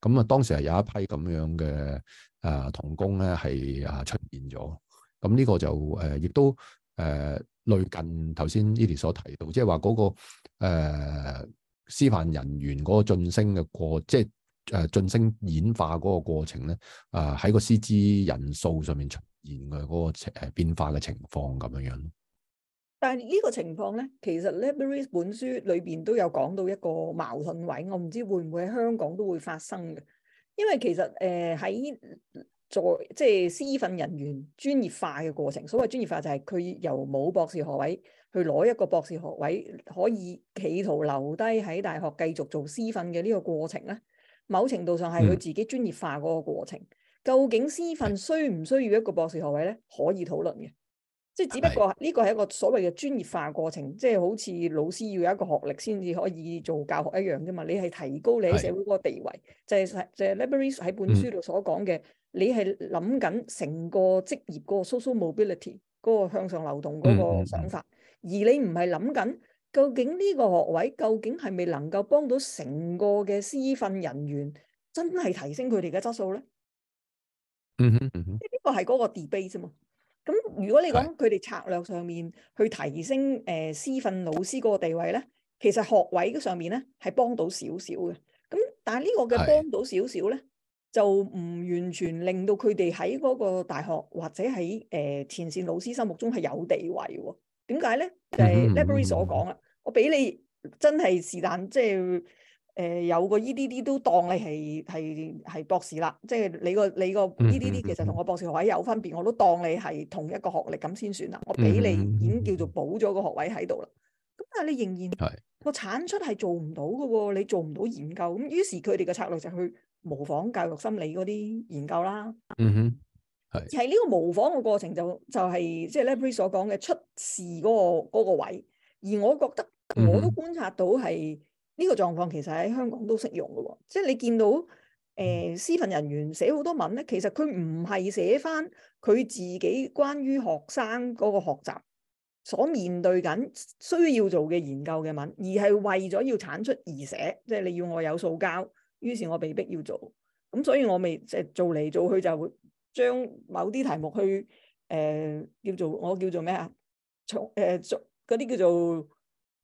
咁、嗯、啊，當時係有一批咁樣嘅誒同工咧係啊出現咗。咁、嗯、呢、這個就誒亦、呃、都誒、呃、類近頭先 Eddy 所提到，即係話嗰個誒、呃、師訓人員嗰個晉升嘅過即係。誒，晉、呃、升演化嗰個過程咧，誒、呃、喺個師資人數上面出現嘅嗰個誒變化嘅情況咁樣樣。但係呢個情況咧，其實《Libraries》本書裏邊都有講到一個矛盾位，我唔知會唔會喺香港都會發生嘅。因為其實誒喺、呃、在即係師訓人員專業化嘅過程，所謂專業化就係佢由冇博士學位去攞一個博士學位，可以企圖留低喺大學繼續做師訓嘅呢個過程咧。某程度上係佢自己專業化嗰個過程。嗯、究竟師訓需唔需要一個博士學位咧？可以討論嘅，即係只不過呢個係一個所謂嘅專業化過程，即係的好似老師要有一個學歷先至可以做教學一樣啫嘛。你係提高你喺社會嗰個地位，的就係、是、就係、是、l i b e r i 喺本書度所講嘅，嗯、你係諗緊成個職業個 social mobility 嗰個向上流動嗰個想法，嗯、而你唔係諗緊。究竟呢個學位究竟係咪能夠幫到成個嘅師訓人員真係提升佢哋嘅質素咧、嗯？嗯嗯嗯，呢個係嗰個 debate 啫嘛。咁如果你講佢哋策略上面去提升誒、呃、師訓老師嗰個地位咧，其實學位嘅上面咧係幫到少少嘅。咁、嗯、但係呢個嘅幫到少少咧，嗯嗯、就唔完全令到佢哋喺嗰個大學或者喺誒、呃、前綫老師心目中係有地位。點解咧？就係 Lavery 所講啊。我俾你真係是但，即係誒、呃，有個 EDD 都當你係係係博士啦，即係你個你個 EDD，其實同我博士學位有分別，我都當你係同一個學歷咁先算啦。我俾你已經叫做補咗個學位喺度啦。咁但係你仍然個產是出係做唔到噶喎、哦，你做唔到研究咁。於是佢哋嘅策略就去模仿教育心理嗰啲研究啦。嗯哼是，係。係呢個模仿嘅過程就就係即係 Labaree 所講嘅出事嗰、嗰個、嗰個位，而我覺得。我都觀察到係呢、這個狀況、哦呃，其實喺香港都適用嘅喎。即係你見到誒師訓人員寫好多文咧，其實佢唔係寫返佢自己關於學生嗰個學習所面對緊需要做嘅研究嘅文，而係為咗要產出而寫。即係你要我有數交，於是，我被逼要做。咁所以我，我未即係做嚟做去，就將某啲題目去誒、呃、叫做我叫做咩啊？從誒嗰啲叫做。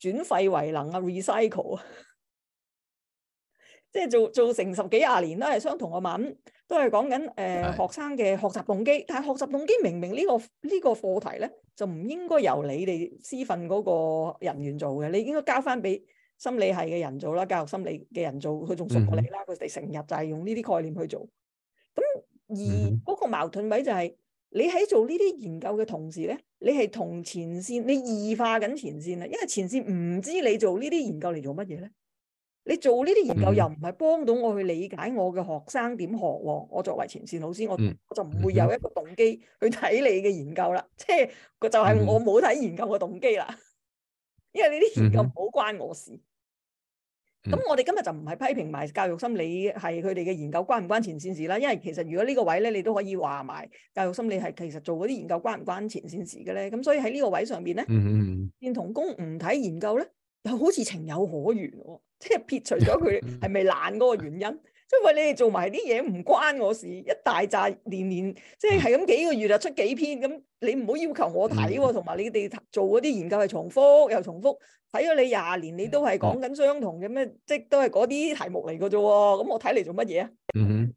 轉廢為能啊，recycle， *laughs* 即係做做成十幾廿年都係相同嘅文，都係講緊誒學生嘅學習動機。但係學習動機明明、這個這個、課題呢個呢個課題咧，就唔應該由你哋師訓嗰個人員做嘅，你應該交翻俾心理係嘅人做啦，教育心理嘅人做，佢仲熟過你啦。佢哋成日就係用呢啲概念去做。咁而嗰個矛盾位就係、是。你喺做呢啲研究嘅同時咧，你係同前線你異化緊前線啦，因為前線唔知你做呢啲研究嚟做乜嘢咧。你做呢啲研究又唔係幫到我去理解我嘅學生點學喎。我作為前線老師，我我就唔會有一個動機去睇你嘅研究啦。即係就係我冇睇研究嘅動機啦，因為你啲研究唔好關我事。咁、嗯、我哋今日就唔係批評埋教育心理係佢哋嘅研究關唔關前線事啦，因為其實如果呢個位咧，你都可以話埋教育心理係其實做嗰啲研究關唔關前線事嘅咧，咁所以喺呢個位上邊咧，變同工唔睇研究咧，又好似情有可原喎、哦，即係撇除咗佢係咪懶嗰個原因。 *laughs* 因為你哋做埋啲嘢，唔關我事，一大紮年年即係係咁幾個月就出幾篇咁，你唔好要，要求我睇喎、哦。同埋、嗯、你哋做嗰啲研究係重複又重複，睇咗你廿年你都係講緊相同嘅咩？嗯、即都係嗰啲題目嚟嘅啫。咁我睇嚟做乜嘢啊？嗯、哼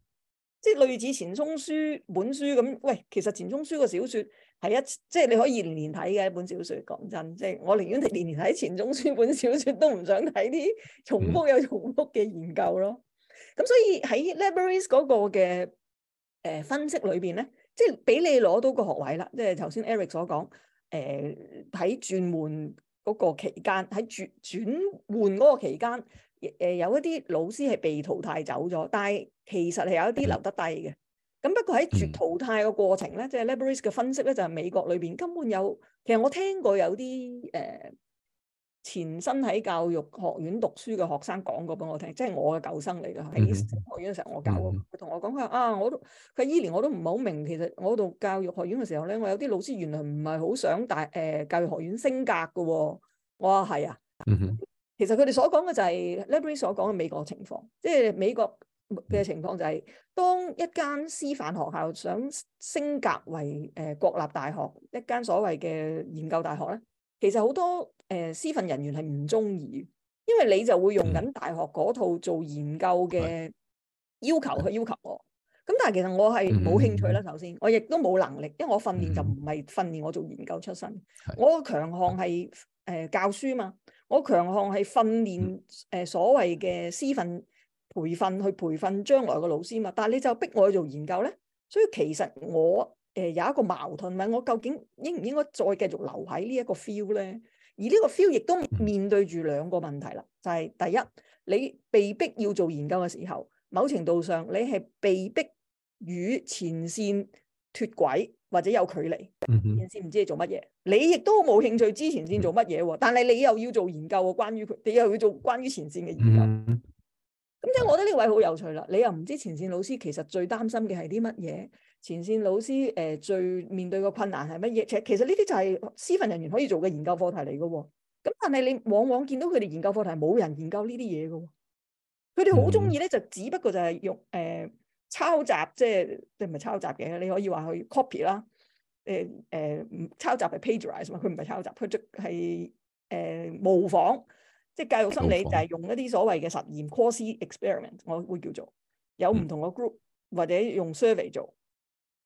即係類似錢鍾書本書咁。喂，其實錢鍾書嘅小說係一即係你可以年年睇嘅一本小說。講真，即係我寧願你年年睇錢鍾書本小說，都唔想睇啲重複又重複嘅研究咯。咁所以喺 Leveries 嗰個嘅誒分析裏邊咧，即係俾你攞到個學位啦。即係頭先 Eric 所講誒喺轉換嗰個期間，喺轉轉換嗰個期間，誒、呃、有一啲老師係被淘汰走咗，但係其實係有一啲留得低嘅。咁不過喺絕淘汰嘅過程咧，即、就、係、是、Leveries 嘅分析咧，就係、是、美國裏邊根本有，其實我聽過有啲誒。呃前身喺教育學院讀書嘅學生講過俾我聽，即係我嘅舊生嚟㗎。喺學院嘅時候，我教過佢同、mm hmm. 我講，佢話啊，我都佢依年我都唔係好明。其實我讀教育學院嘅時候咧，我有啲老師原來唔係好想大誒、呃、教育學院升格嘅、哦。我話係啊，mm hmm. 其實佢哋所講嘅就係 Lavery 所講嘅美國情況，即係美國嘅情況就係、是、當一間師範學校想升格為誒國立大學，一間所謂嘅研究大學咧，其實好多。誒，師訓、呃、人員係唔中意，因為你就會用緊大學嗰套做研究嘅要求去要求我。咁但係其實我係冇興趣啦，首先我亦都冇能力，因為我訓練就唔係訓練我做研究出身，我強項係誒教書嘛，我強項係訓練誒所謂嘅師訓培訓去培訓將來嘅老師嘛。但係你就逼我去做研究咧，所以其實我誒有一個矛盾，咪我究竟應唔應該再繼續留喺呢一個 feel 咧？而呢個 feel 亦都面對住兩個問題啦，就係第一，你被逼要做研究嘅時候，某程度上你係被逼與前線脫軌或者有距離，前線唔知係做乜嘢，你亦都冇興趣知前線做乜嘢喎，但係你又要做研究喎，關於佢哋又要做關於前線嘅研究，咁即係我覺得呢位好有趣啦，你又唔知前線老師其實最擔心嘅係啲乜嘢？前線老師誒、呃、最面對個困難係乜嘢？其實呢啲就係師訓人員可以做嘅研究課題嚟嘅喎。咁但係你往往見到佢哋研究課題冇人研究呢啲嘢嘅喎。佢哋好中意咧，就只不過就係用誒、呃、抄襲，即係並唔係抄襲嘅。你可以話佢 copy 啦。誒誒，抄襲係 plagiarize 嘛？佢唔係抄襲，佢係誒模仿。即係教育心理就係用一啲所謂嘅實驗，quasi experiment，我會叫做有唔同嘅 group、嗯、或者用 survey 做。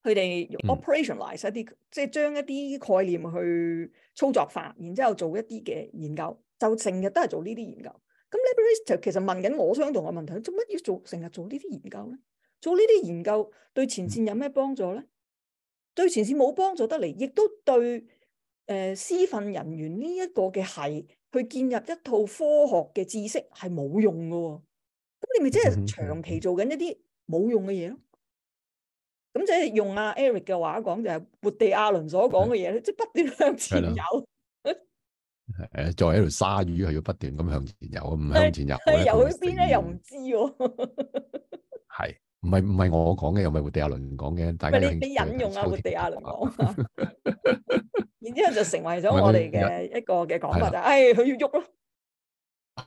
佢哋 operationalize 一啲，嗯、即係將一啲概念去操作化，然之後做一啲嘅研究，就成日都係做呢啲研究。咁 liberator 其實問緊我相同嘅問題，做乜要做成日做呢啲研究咧？做呢啲研究對前線有咩幫助咧？嗯、對前線冇幫助得嚟，亦都對誒、呃、私憤人員呢一個嘅係去建立一套科學嘅知識係冇用噶、哦。咁你咪即係長期做緊一啲冇用嘅嘢咯？嗯嗯嗯嗯咁即係用阿 Eric 嘅話講，就係活地亞倫所講嘅嘢咧，即係不斷向前游。係誒，作為一條鯊魚，係要不斷咁向前游，唔向前游，游去邊咧又唔知。係，唔係唔係我講嘅，又唔係活地亞倫講嘅，大家你你引用阿活地亞倫講，然之後就成為咗我哋嘅一個嘅講法就，唉，佢要喐咯，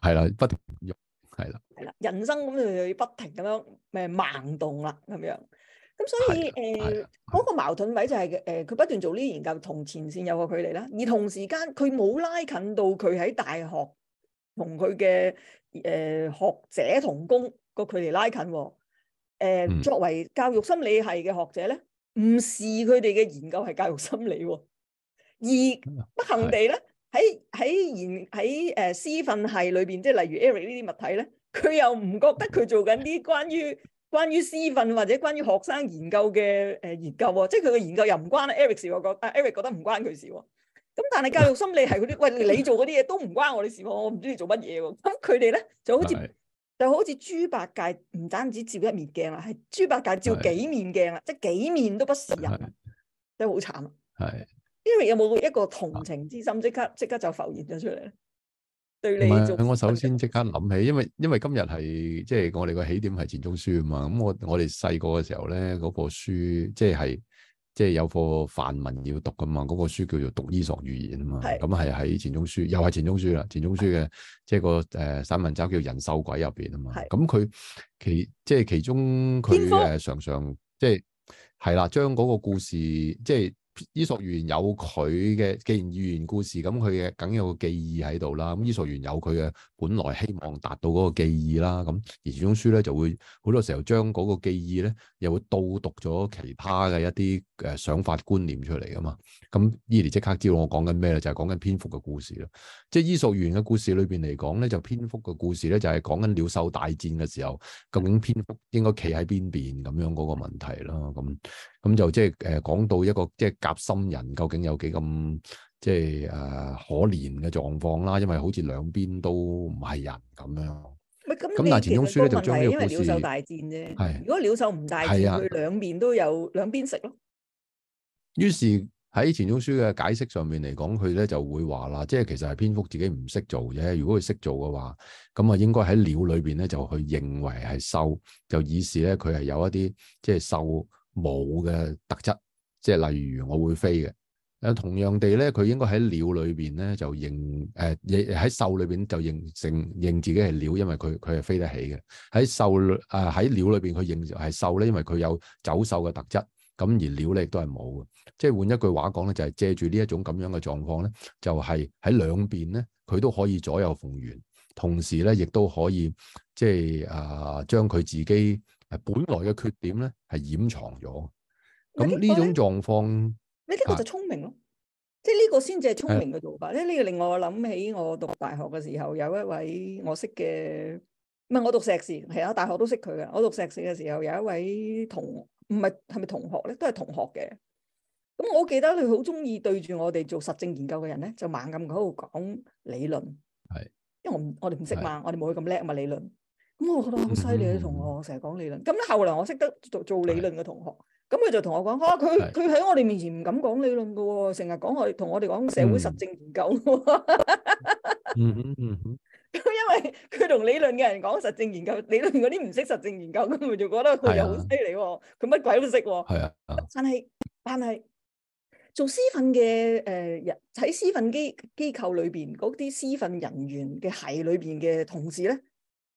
係啦，不停喐，係啦，係啦，人生咁就要不停咁樣，誒，盲動啦，咁樣。咁所以誒，嗰個矛盾位就係、是、誒，佢、呃、不斷做呢啲研究，同前線有個距離啦。而同時間，佢冇拉近到佢喺大學同佢嘅誒學者同工個距離拉近喎、呃。作為教育心理系嘅學者咧，唔視佢哋嘅研究係教育心理，而不幸地咧，喺喺研喺誒師訓系裏邊，即係例如 Eric 呢啲物體咧，佢又唔覺得佢做緊啲關於。關於師訓或者關於學生研究嘅誒、呃、研究喎、哦，即係佢嘅研究又唔關、啊、Eric 事喎，覺得 Eric、啊、覺得唔關佢事喎、哦。咁但係教育心理係嗰啲， *laughs* 喂你做嗰啲嘢都唔關我哋事喎、哦，我唔知你做乜嘢喎。咁佢哋咧就好似是就好似豬八戒，唔單止照一面鏡啦，係豬八戒照幾面鏡啦，是即係幾面都不是人，是真係好慘、啊。是 Eric 有冇一個同情之心，即刻即刻就浮現咗出嚟咧？唔係，我首先即刻諗起，因為因為今日係即係我哋個起點係錢鍾書啊嘛，咁我我哋細個嘅時候咧，嗰、那個書即係即係有課範文要讀㗎嘛，嗰、那個書叫做讀伊索寓言啊嘛，咁係喺錢鍾書，又係錢鍾書啦，錢鍾書嘅即係個誒散、呃、文集叫《人獸鬼》入邊啊嘛，咁佢是其即係、就是、其中佢誒風、呃、常常即係係啦，將、就、嗰、是、個故事即係。即係伊索寓言有佢嘅，既然寓言故事，咁佢嘅梗有個寓意喺度啦。咁伊索寓言有佢嘅本來希望達到嗰個寓意啦。咁而傳說書咧就會好多時候將嗰個寓意咧又會盜讀咗其他嘅一啲誒想法觀念出嚟噶嘛。咁伊嚟即刻知道我講緊咩啦？就係講緊蝙蝠嘅故事啦。即係伊索寓言嘅故事裏邊嚟講咧，就蝙蝠嘅故事咧就係講緊鳥獸大戰嘅時候，究竟蝙蝠應該企喺邊邊咁樣嗰個問題啦。咁。咁就即係誒，講、呃、到一個即係夾心人究竟有幾咁即係誒、呃、可憐嘅狀況啦，因為好似兩邊都唔係人咁樣。唔係咁，咁但係錢鍾書就將呢個故事，因為鳥獸大戰啫。係的如果鳥獸唔大戰，佢兩邊都有，兩邊食咯。於是喺錢鍾書嘅解釋上面嚟講，佢咧就會話啦，即係其實係蝙蝠自己唔識做啫。如果佢識做嘅話，咁啊應該喺鳥裏邊咧就去認為係獸，就意思咧佢係有一啲即係獸。就是冇嘅特質，即係例如我會飛嘅。誒，同樣地咧，佢應該喺鳥裏邊咧就認誒，亦喺獸裏邊就認承認自己係鳥，因為佢佢係飛得起嘅。喺獸誒喺鳥裏邊佢認係獸咧，因為佢有走獸嘅特質。咁而鳥咧亦都係冇嘅。即係換一句話講咧，就係、是、借住呢一種咁樣嘅狀況咧，就係、是、喺兩邊咧佢都可以左右逢源，同時咧亦都可以即係誒、呃、將佢自己。係本來嘅缺點咧，係掩藏咗。咁呢種狀況，呢、啊、個就聰明咯。即係呢個先至係聰明嘅做法。咧呢個令我諗起我讀大學嘅時候，有一位我識嘅，唔係我讀碩士，係啊，大學都識佢嘅。我讀碩士嘅時候，有一位同唔係係咪同學咧，都係同學嘅。咁我記得佢好中意對住我哋做實證研究嘅人咧，就猛咁喺度講理論。係，因為我我哋唔識嘛，我哋冇佢咁叻嘛，理論。咁我覺得好犀利嘅同學，成日講理論。咁咧後嚟我識得做做理論嘅同學，咁佢就同我講：，啊，佢佢喺我哋面前唔敢講理論㗎喎，成日講我哋同我哋講社會實證研究。嗯哼嗯哼。咁因為佢同理論嘅人講實證研究，理論嗰啲唔識實證研究，咁咪就覺得佢又好犀利喎，佢乜鬼都識喎。係啊。但係但係做師訓嘅誒人喺師訓機機構裏邊嗰啲師訓人員嘅係裏邊嘅同事咧。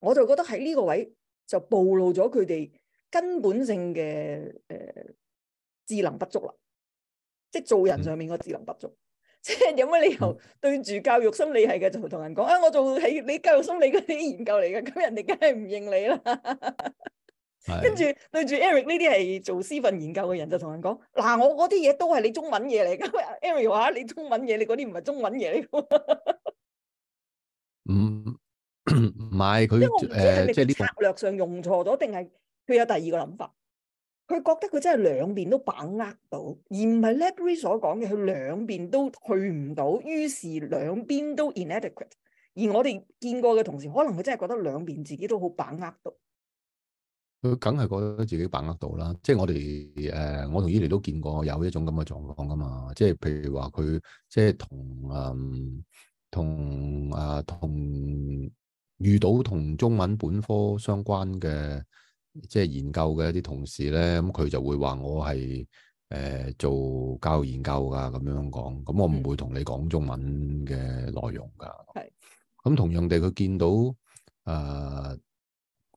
我就覺得喺呢個位就暴露咗佢哋根本性嘅誒、呃、智能不足啦，即係做人上面個智能不足。即 *laughs* 係有乜理由對住教育心理系嘅就同人講啊，我做係你教育心理嗰啲研究嚟嘅，咁人哋梗係唔認你啦。跟 *laughs* 住對住 Eric 呢啲係做師訓研究嘅人就同人講：嗱、啊，我嗰啲嘢都係你中文嘢嚟嘅。 *laughs* Eric 話你中文嘢，你嗰啲唔係中文嘢。嚟 *laughs* 嗯。唔係佢誒，即係呢個策略上用錯咗，定係佢有第二個諗法？佢覺得佢真係兩邊都把握到，而唔係 Labaree 所講嘅，佢兩邊都去唔到，於是兩邊都 inadequate。而我哋見過嘅同事，可能佢真係覺得兩邊自己都好把握到。佢梗係覺得自己把握到啦。即係我哋誒、呃，我同依尼都見過有一種咁嘅狀況噶嘛。即係譬如話佢即係同誒同啊同。遇到同中文本科相關嘅即係研究嘅一啲同事咧，咁、嗯、佢就會話我係誒、呃、做教育研究㗎，咁樣講。咁我唔會同你講中文嘅內容㗎。係、嗯。咁同樣地，佢見到誒、呃、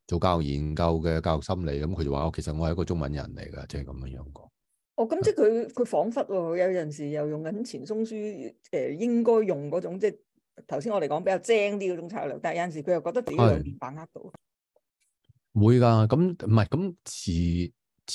做教育研究嘅教育心理，咁、嗯、佢就話：我其實我係一個中文人嚟㗎，即係咁樣樣講。哦，咁、嗯嗯嗯、即係佢佢恍惚喎，有陣時又用緊前松書誒、呃，應該用嗰種即係。頭先我嚟講比較精啲嗰種策略，但係有陣時佢又覺得自己兩邊把握到，唔會噶，咁唔係咁始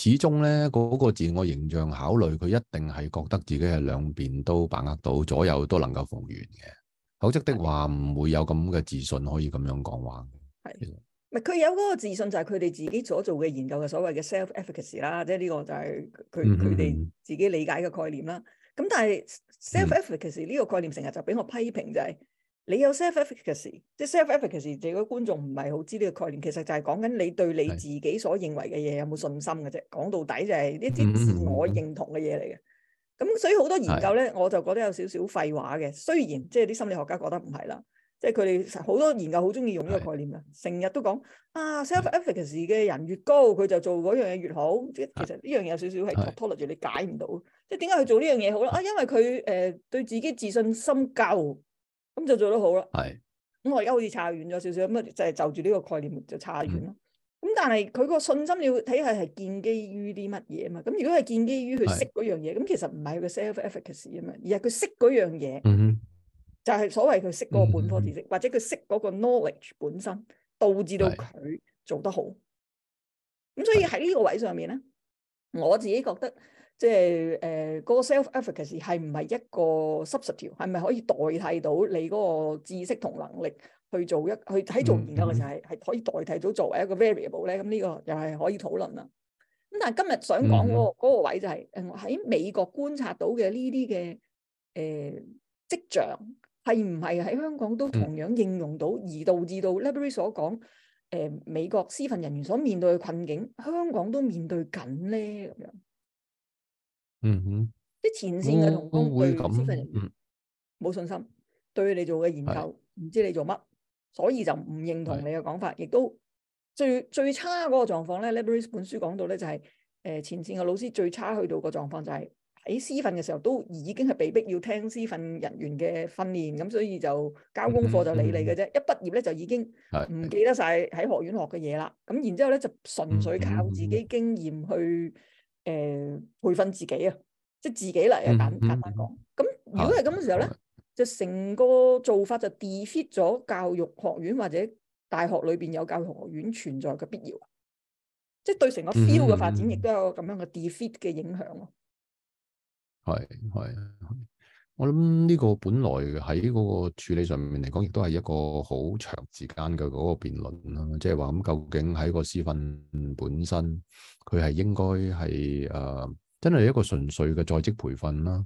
始終咧嗰個自我形象考慮，佢一定係覺得自己係兩邊都把握到，左右都能夠逢源嘅。否則的話唔會有咁嘅自信可以咁樣講話嘅。係，唔係佢有嗰個自信就係佢哋自己所做嘅研究嘅所謂嘅 self efficacy 啦，即係呢個就係佢佢哋自己理解嘅概念啦。咁但係 self efficacy 呢個概念成日就俾我批評就係。你有 self efficacy，即係 self efficacy，你個觀眾唔係好知呢個概念，其實就係講緊你對你自己所認為嘅嘢是有冇信心嘅啫。講到底就係呢啲自我認同嘅嘢嚟嘅。咁所以好多研究咧，我就覺得有少少廢話嘅。雖然即係啲心理學家覺得唔係啦，即係佢哋好多研究好中意用呢個概念啦，成日是都講啊，self efficacy 嘅人越高，佢就做嗰樣嘢越好。即其實呢樣嘢有少少係 tautology 你解唔到，是即係點解佢做呢樣嘢好啦？啊，因為佢誒、呃、對自己自信心夠。心心咁就做得好啦。係是。咁我而家好似差遠咗少少，咁啊就係、是、就住呢個概念就差遠啦。咁、嗯、但係佢個信心，你要睇下係建基於啲乜嘢啊嘛？咁如果係建基於佢識嗰樣嘢，咁是其實唔係佢 self efficacy 啊嘛，而係佢識嗰樣嘢，嗯、就係所謂佢識嗰個本科知識，嗯嗯或者佢識嗰個 knowledge 本身，導致到佢做得好。咁是所以喺呢個位上面咧，我自己覺得。即係誒，嗰、呃那個 self efficacy 係唔係一個 substitute 係咪可以代替到你嗰個知識同能力去做一去喺做研究嘅時候係係可以代替到作為一個 variable 咧？咁呢個又係可以討論啦。咁但係今日想講嗰、那個那個位就係誒喺美國觀察到嘅呢啲嘅誒跡象係唔係喺香港都同樣應用到而導致到 library 所講誒、呃、美國師訓人員所面對嘅困境，香港都面對緊咧咁樣。嗯哼，即係前線嘅同工對師訓，嗯，冇信心，對你做嘅研究唔知你做乜，所以就唔認同你嘅講法。亦都最最差嗰個狀況咧，Lebris 本書講到咧，就係誒前線嘅老師最差去到個狀況就係喺師訓嘅時候都已經係被逼要聽師訓人員嘅訓練，咁所以就交功課就理你嘅啫。一畢業咧就已經唔記得晒喺學院學嘅嘢啦。咁然之後咧就純粹靠自己經驗去。誒、呃，培訓自己啊，即係自己嚟啊，嗯嗯、簡簡單講。咁如果係咁嘅時候咧，嗯、就成個做法就 defeat 咗教育學院或者大學裏邊有教育學院存在嘅必要，即係對成個 feel 嘅發展亦都有咁樣嘅 defeat 嘅影響咯、啊。係係係。嗯嗯嗯我諗呢個本來喺嗰個處理上面嚟講，亦都係一個好長時間嘅嗰個辯論啦。即係話咁，究竟喺個師訓本身，佢係應該係誒，真係一個純粹嘅在職培訓啦，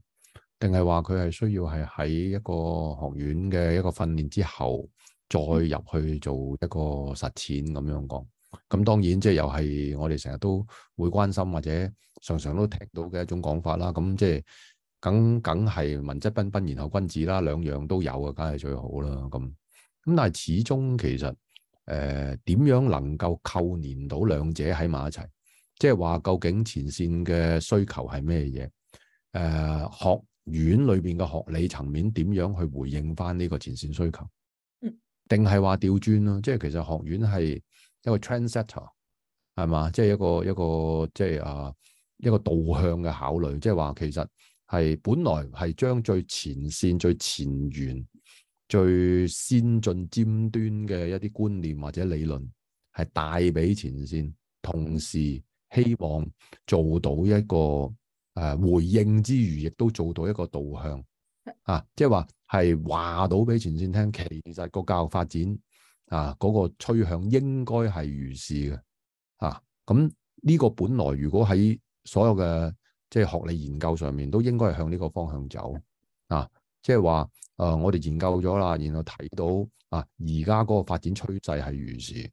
定係話佢係需要係喺一個學院嘅一個訓練之後，再入去做一個實踐咁樣講。咁當然，即係又係我哋成日都會關心或者常常都聽到嘅一種講法啦。咁即係。梗梗係文質彬彬，然後君子啦，兩樣都有啊，梗係最好啦。咁咁，但係始終其實誒，點、呃、樣能夠扣連到兩者喺埋一齊？即係話究竟前線嘅需求係咩嘢？誒、呃，學院裏邊嘅學理層面點樣去回應翻呢個前線需求？定係話調轉咯，即係其實學院係一個 trendsetter，係嘛？即係一個一個即係啊，一個導向嘅考慮，即係話其實。係本來係將最前線、最前沿、最先進尖端嘅一啲觀念或者理論，係帶俾前線，同時希望做到一個誒、啊、回應之餘，亦都做到一個導向啊！即係話係話到俾前線聽，其實個教育發展啊嗰、那個趨向應該係如是嘅啊！咁呢個本來如果喺所有嘅。即係學理研究上面都應該係向呢個方向走啊！即係話誒，我哋研究咗啦，然後睇到啊，而家嗰個發展趨勢係如是，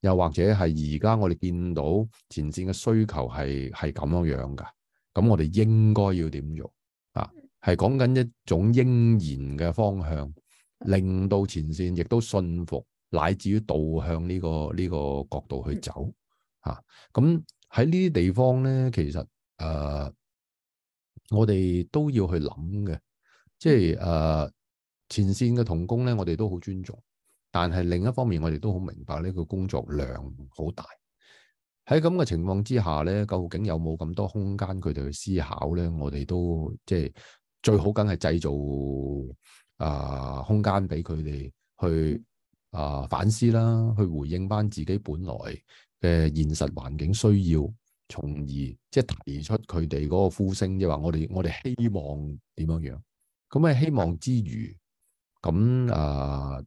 又或者係而家我哋見到前線嘅需求係係咁樣樣㗎，咁我哋應該要點做啊？係講緊一種應然嘅方向，令到前線亦都信服，乃至於導向呢個呢個角度去走嚇。咁喺呢啲地方咧，其實誒，呃我哋都要去諗嘅，即係誒、呃、前綫嘅同工咧，我哋都好尊重，但係另一方面，我哋都好明白呢個工作量好大。喺咁嘅情況之下咧，究竟有冇咁多空間佢哋去思考咧？我哋都即係最好製，梗係製造啊空間俾佢哋去啊、呃、反思啦，去回應翻自己本來嘅現實環境需要。從而即係提出佢哋嗰個呼聲，即係話我哋我哋希望點樣樣。咁喺希望之餘，咁啊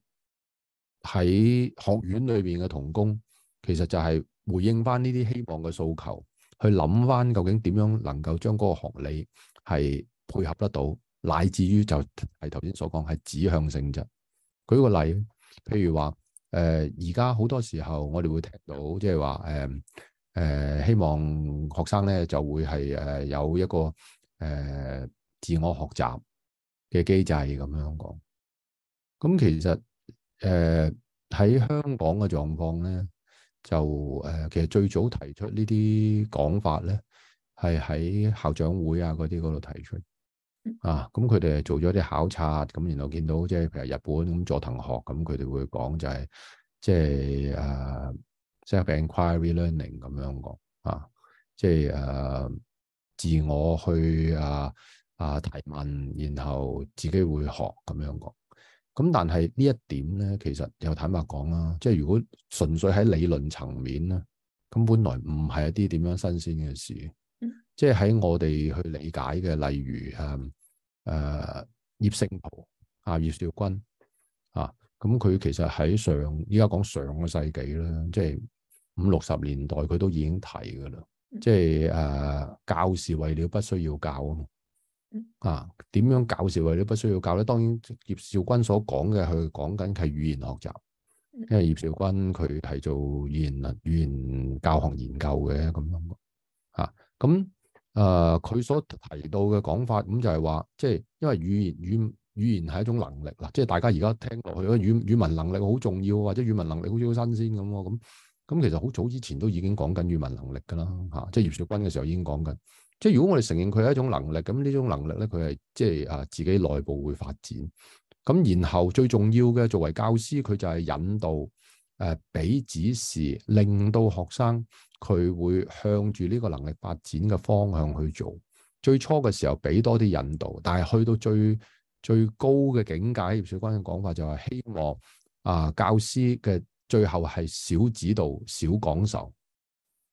喺學院裏邊嘅同工，其實就係回應翻呢啲希望嘅訴求，去諗翻究竟點樣能夠將嗰個學理係配合得到，乃至於就係頭先所講係指向性啫。舉個例，譬如話誒，而家好多時候我哋會聽到即係話誒。呃誒希望學生咧就會係誒有一個誒、呃、自我學習嘅機制咁樣講。咁其實誒喺、呃、香港嘅狀況咧，就誒、呃、其實最早提出呢啲講法咧，係喺校長會啊嗰啲嗰度提出。啊，咁佢哋做咗啲考察，咁然後見到即係譬如日本咁佐藤學，咁佢哋會講就係、是、即係誒。呃即係嘅 inquiry learning 咁樣講啊，即係誒自我去啊啊提問，然後自己會學咁樣講。咁但係呢一點咧，其實又坦白講啦，即係如果純粹喺理論層面咧，咁本來唔係一啲點樣新鮮嘅事。嗯、即係喺我哋去理解嘅，例如誒誒葉聖陶啊、葉、啊啊、少君，啊，咁、嗯、佢其實喺上依家講上個世紀啦，即係。五六十年代佢都已經提嘅啦，即係誒、呃、教是為了不需要教啊嘛，啊點樣教是為了不需要教咧？當然葉紹鈞所講嘅，佢講緊係語言學習，因為葉紹鈞佢係做語言能語言教學研究嘅咁樣啊。咁誒佢所提到嘅講法咁就係話，即係因為語言語語言係一種能力啦，即係大家而家聽落去語語文能力好重要，啊，或者語文能力好似好新鮮咁咁，啊。嗯咁其實好早之前都已經講緊語文能力㗎啦，嚇、啊，即係葉小君嘅時候已經講緊。即係如果我哋承認佢係一種能力，咁呢種能力咧，佢係即係啊自己內部會發展。咁然後最重要嘅，作為教師，佢就係引導，誒、啊、俾指示，令到學生佢會向住呢個能力發展嘅方向去做。最初嘅時候俾多啲引導，但係去到最最高嘅境界，葉小君嘅講法就係希望啊教師嘅。最後係少指導、少講授，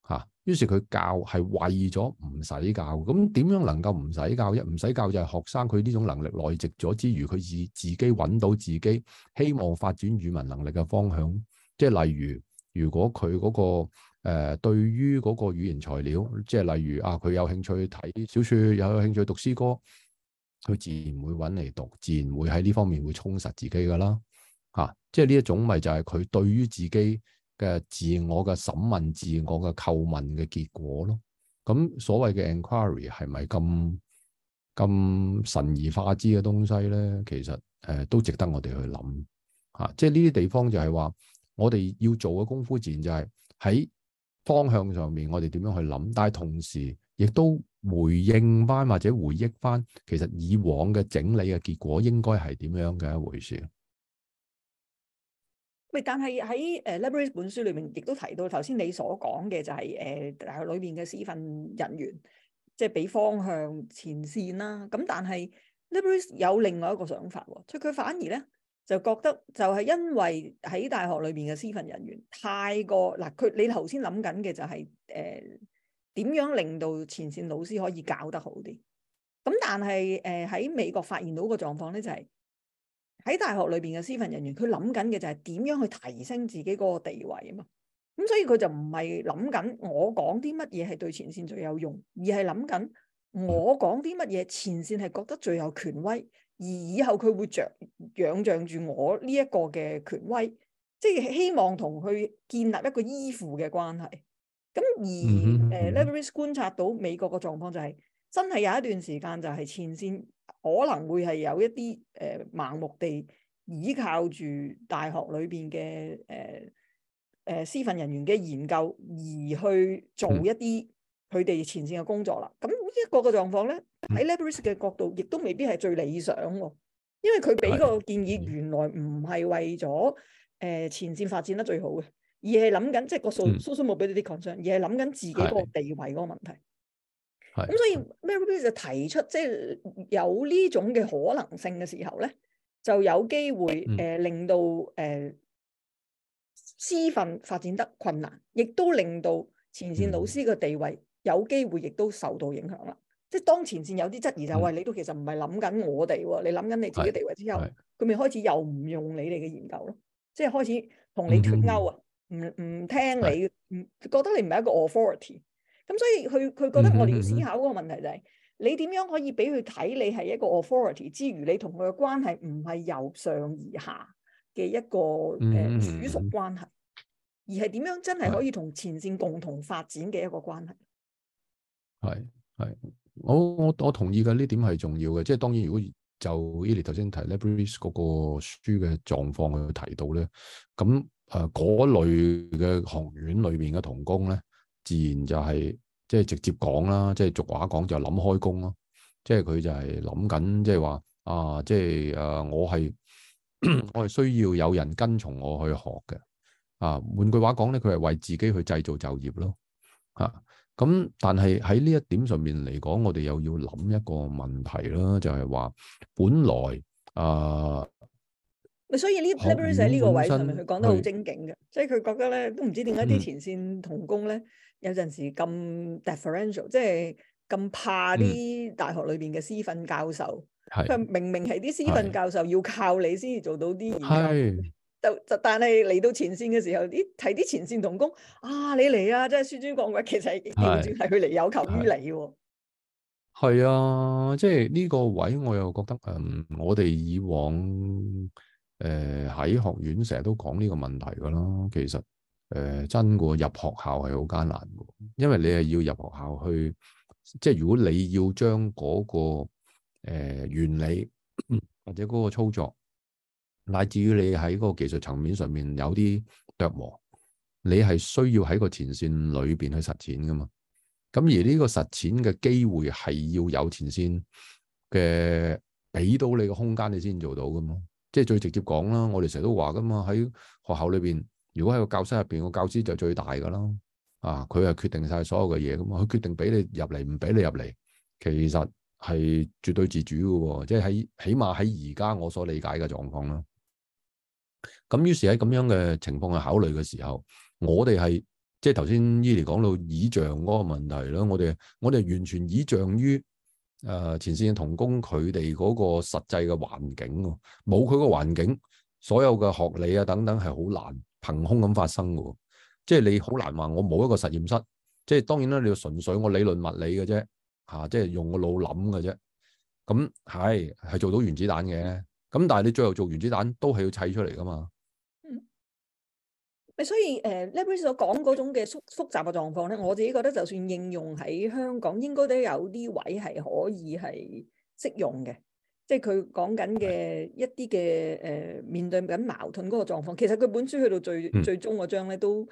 嚇、啊。於是佢教係為咗唔使教。咁點樣能夠唔使教？一唔使教就係學生佢呢種能力內植咗之餘，佢自自己揾到自己希望發展語文能力嘅方向。即係例如，如果佢嗰、那個誒、呃、對於嗰個語言材料，即係例如啊，佢有興趣去睇小説，有興趣讀詩歌，佢自然會揾嚟讀，自然會喺呢方面會充實自己噶啦。啊，即係呢一種咪就係佢對於自己嘅自我嘅審問、自我嘅叩問嘅結果咯。咁、嗯、所謂嘅 enquiry 係咪咁咁神而化之嘅東西咧？其實誒、呃、都值得我哋去諗。吓、啊，即係呢啲地方就係話，我哋要做嘅功夫自然就係喺方向上面，我哋點樣去諗，但係同時亦都回應翻或者回憶翻，其實以往嘅整理嘅結果應該係點樣嘅一回事。喂，但係喺誒 Liberace 本書裏面，亦都提到頭先你所講嘅就係誒大學裏邊嘅師訓人員，即係俾方向前綫啦、啊。咁但係 Liberace 有另外一個想法喎，所以佢反而咧就覺得就係因為喺大學裏邊嘅師訓人員太過嗱，佢你頭先諗緊嘅就係誒點樣令到前綫老師可以教得好啲。咁但係誒喺美國發現到個狀況咧就係、是。喺大學裏邊嘅師訓人員，佢諗緊嘅就係點樣去提升自己嗰個地位啊嘛，咁所以佢就唔係諗緊我講啲乜嘢係對前線最有用，而係諗緊我講啲乜嘢前線係覺得最有權威，而以後佢會著仰仗住我呢一個嘅權威，即係希望同佢建立一個依附嘅關係。咁而誒 Levis 觀察到美國個狀況就係、是。真係有一段時間就係前線可能會係有一啲誒、呃、盲目地倚靠住大學裏邊嘅誒誒師訓人員嘅研究而去做一啲佢哋前線嘅工作啦。咁呢一個嘅狀況咧，喺、嗯、Labaree 嘅角度亦都未必係最理想喎。因為佢俾個建議原來唔係為咗誒、呃、前線發展得最好嘅，而係諗緊即係個數蘇蘇冇俾你啲 concern，、嗯、而係諗緊自己嗰個地位嗰個問題。嗯嗯。咁 *music* 所以 Mary 就提出，即、就、係、是、有呢種嘅可能性嘅時候咧，就有機會誒令到誒師訓發展得困難，亦都令到前線老師嘅地位有機會亦都受到影響啦。即係當前線有啲質疑就係、是，嗯、喂，你都其實唔係諗緊我哋，你諗緊你自己嘅地位之後，佢咪開始又唔用你哋嘅研究咯，即、就、係、是、開始同你脱鈎啊，唔唔、嗯、聽你，唔是是覺得你唔係一個 authority。咁所以佢佢覺得我哋要思考個問題就係，你點樣可以俾佢睇你係一個 authority 之餘，你同佢嘅關係唔係由上而下嘅一個誒主屬關係，而係點樣真係可以同前線共同發展嘅一個關係。係係，我我我同意㗎，呢點係重要嘅。即係當然，如果就 Eli 頭先提 Liberis 嗰個書嘅狀況去提到咧，咁誒嗰類嘅學院裏邊嘅同工咧。自然就係、是、即係直接講啦，即係俗話講就諗開工咯，即係佢就係諗緊，即係話啊，即係誒、啊，我係 *coughs* 我係需要有人跟從我去學嘅啊。換句話講咧，佢係為自己去製造就業咯嚇。咁、啊、但係喺呢一點上面嚟講，我哋又要諗一個問題啦，就係、是、話本來啊，所以呢 l 呢個位上面，佢講得好精警嘅，即係佢覺得咧，都唔知點解啲前線同工咧。有陣時咁 deferential，即係咁怕啲大學裏邊嘅師訓教授，佢、嗯、明明係啲師訓教授要靠你先至做到啲嘢，就就但係嚟到前線嘅時候，啲睇啲前線同工啊，你嚟啊，即係紆尊降貴，其實係完全係佢嚟有求於你喎。係啊，即係呢個位我又覺得，嗯，我哋以往誒喺、呃、學院成日都講呢個問題㗎啦，其實。誒、呃，真個、哦、入學校係好艱難嘅，因為你係要入學校去，即係如果你要將嗰、那個誒、呃、原理或者嗰個操作，乃至於你喺嗰個技術層面上面有啲琢磨，你係需要喺個前線裏邊去實踐噶嘛。咁而呢個實踐嘅機會係要有前線嘅俾到你嘅空間，你先做到噶嘛。即係最直接講啦，我哋成日都話噶嘛，喺學校裏邊。如果喺個教室入邊，個教師就最大噶啦啊！佢係決定晒所有嘅嘢噶嘛，佢決定俾你入嚟，唔俾你入嚟。其實係絕對自主噶，即係喺起碼喺而家我所理解嘅狀況啦。咁於是喺咁樣嘅情況去考慮嘅時候，我哋係即係頭先伊研講到倚仗嗰個問題啦。我哋我哋完全倚仗於誒、呃、前線嘅同工佢哋嗰個實際嘅環境，冇佢個環境，所有嘅學理啊等等係好難，憑空咁發生嘅，即係你好難話我冇一個實驗室。即係當然啦，你要純粹我理論物理嘅啫，嚇、啊，即係用個腦諗嘅啫。咁係係做到原子彈嘅，咁但係你最後做原子彈都係要砌出嚟㗎嘛。嗯，咪所以誒 l e 所講嗰種嘅複複雜嘅狀況咧，我自己覺得就算應用喺香港，應該都有啲位係可以係適用嘅。即係佢講緊嘅一啲嘅誒面對緊矛盾嗰個狀況，其實佢本書去到最最終嗰章咧，都誒、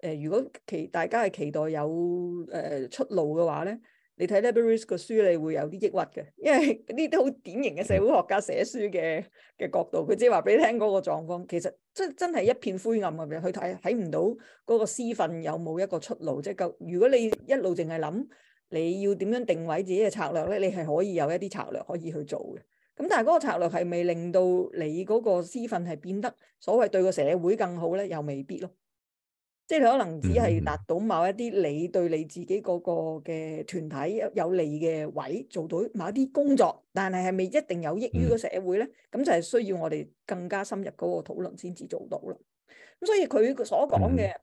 呃。如果期大家係期待有誒、呃、出路嘅話咧，你睇《Labyrinth》個書，你會有啲抑鬱嘅，因為呢啲都好典型嘅社會學家寫書嘅嘅角度。佢即係話俾你聽嗰個狀況，其實真真係一片灰暗啊！譬如去睇睇唔到嗰個私憤有冇一個出路，即係夠。如果你一路淨係諗你要點樣定位自己嘅策略咧，你係可以有一啲策略可以去做嘅。咁但係嗰個策略係咪令到你嗰個師訓係變得所謂對個社會更好咧？又未必咯。即係你可能只係達到某一啲你對你自己嗰個嘅團體有利嘅位，做到某一啲工作，但係係咪一定有益於個社會咧？咁就係需要我哋更加深入嗰個討論先至做到啦。咁所以佢所講嘅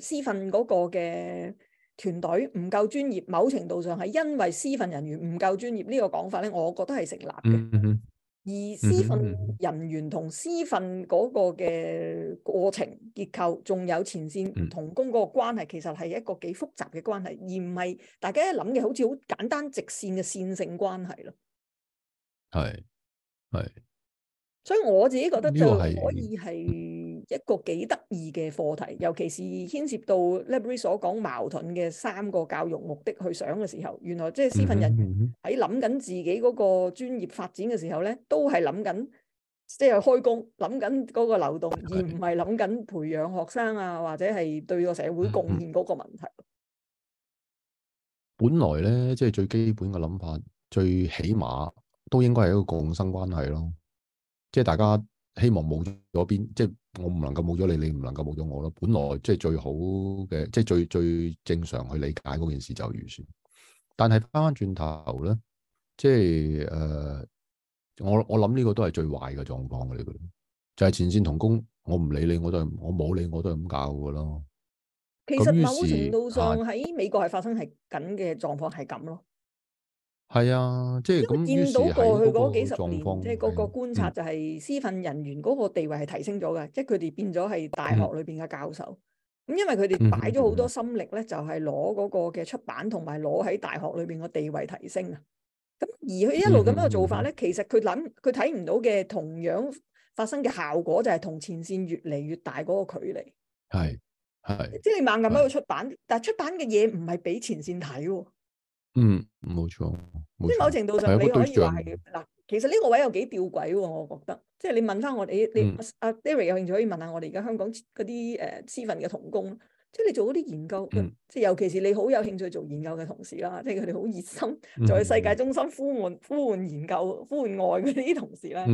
誒師訓嗰個嘅。團隊唔夠專業，某程度上係因為私訓人員唔夠專業呢個講法咧，我覺得係成立嘅。嗯、哼而師訓人員同師訓嗰個嘅過程、嗯、哼結構，仲有前線同工嗰個關係，其實係一個幾複雜嘅關係，而唔係大家一諗嘅好似好簡單直線嘅線性關係咯。係係、嗯，嗯、所以我自己覺得就可以係、嗯。一個幾得意嘅課題，尤其是牽涉到 Library 所講矛盾嘅三個教育目的去想嘅時候，原來即係師訓人員喺諗緊自己嗰個專業發展嘅時候咧，都係諗緊即係開工，諗緊嗰個流動，而唔係諗緊培養學生啊，或者係對個社會貢獻嗰個問題。本來咧，即係最基本嘅諗法，最起碼都應該係一個共生關係咯。即係大家希望冇咗邊，即係。我唔能夠冇咗你，你唔能夠冇咗我咯。本來即係最好嘅，即係最最正常去理解嗰件事就預算。但係翻返轉頭咧，即係誒，我我諗呢個都係最壞嘅狀況嚟嘅，就係前線同工，我唔理你，我都係我冇你，我，理我都係咁教嘅咯。其實某程度上喺美國係發生係緊嘅狀況係咁咯。係啊，即、就、係、是、見到過去嗰幾十年，即係個個觀察就係師訓人員嗰個地位係提升咗嘅，嗯、即係佢哋變咗係大學裏邊嘅教授。咁、嗯、因為佢哋擺咗好多心力咧，就係攞嗰個嘅出版同埋攞喺大學裏邊個地位提升啊。咁而佢一路咁樣嘅做法咧，嗯、其實佢諗佢睇唔到嘅同樣發生嘅效果就係同前線越嚟越大嗰個距離。係係、嗯嗯嗯嗯、即係你猛咁喺度出版，嗯、但係出版嘅嘢唔係俾前線睇。嗯，冇錯，即某程度上你可以話係嗱，其實呢個位有幾吊詭喎。我覺得即係你問翻我哋，你阿 Darry 有興趣可以問下我哋而家香港嗰啲誒，師訓嘅同工，即係你做嗰啲研究，即係尤其是你好有興趣做研究嘅同事啦，即係佢哋好熱心，在世界中心呼喚呼喚研究呼喚愛嗰啲同事啦。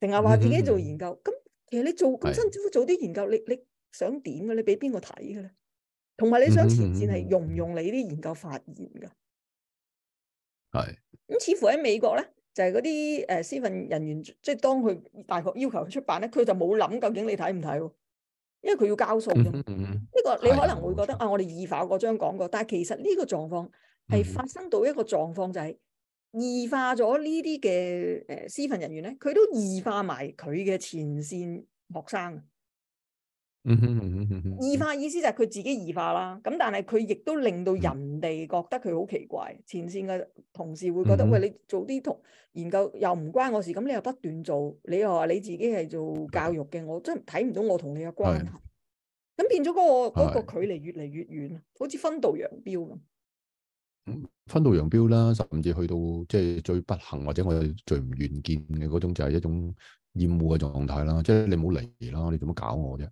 定係話自己做研究？咁其實你做咁，甚至做啲研究，你你想點嘅？你俾邊個睇嘅咧？同埋你想前線係用唔用你啲研究發現噶？係，咁 *noise* 似乎喺美國咧，就係嗰啲誒，師訓人員即係當佢大學要求佢出版咧，佢就冇諗究竟你睇唔睇，因為佢要交數。嗯呢 *noise* 個你可能會覺得 *noise* 啊，我哋異化嗰張講過，但係其實呢個狀況係發生到一個狀況就係、是、異化咗呢啲嘅誒，師訓人員咧，佢都異化埋佢嘅前線學生。嗯哼，異化意思就係佢自己異化啦。咁但係佢亦都令到人哋覺得佢好奇怪。 *laughs* 前線嘅同事會覺得 *laughs* 喂，你做啲同研究又唔關我事，咁你又不斷做，你又話你自己係做教育嘅，我真睇唔到我同你嘅關係。咁對變咗嗰、嗰個、嗰個距離越嚟越遠，對好似分道揚鑣咁。分道揚鑣啦，甚至去到即係最不幸或者我最唔願見嘅嗰種，就種，就係一種厭惡嘅狀態啦。即係你冇嚟啦，你做乜搞我啫？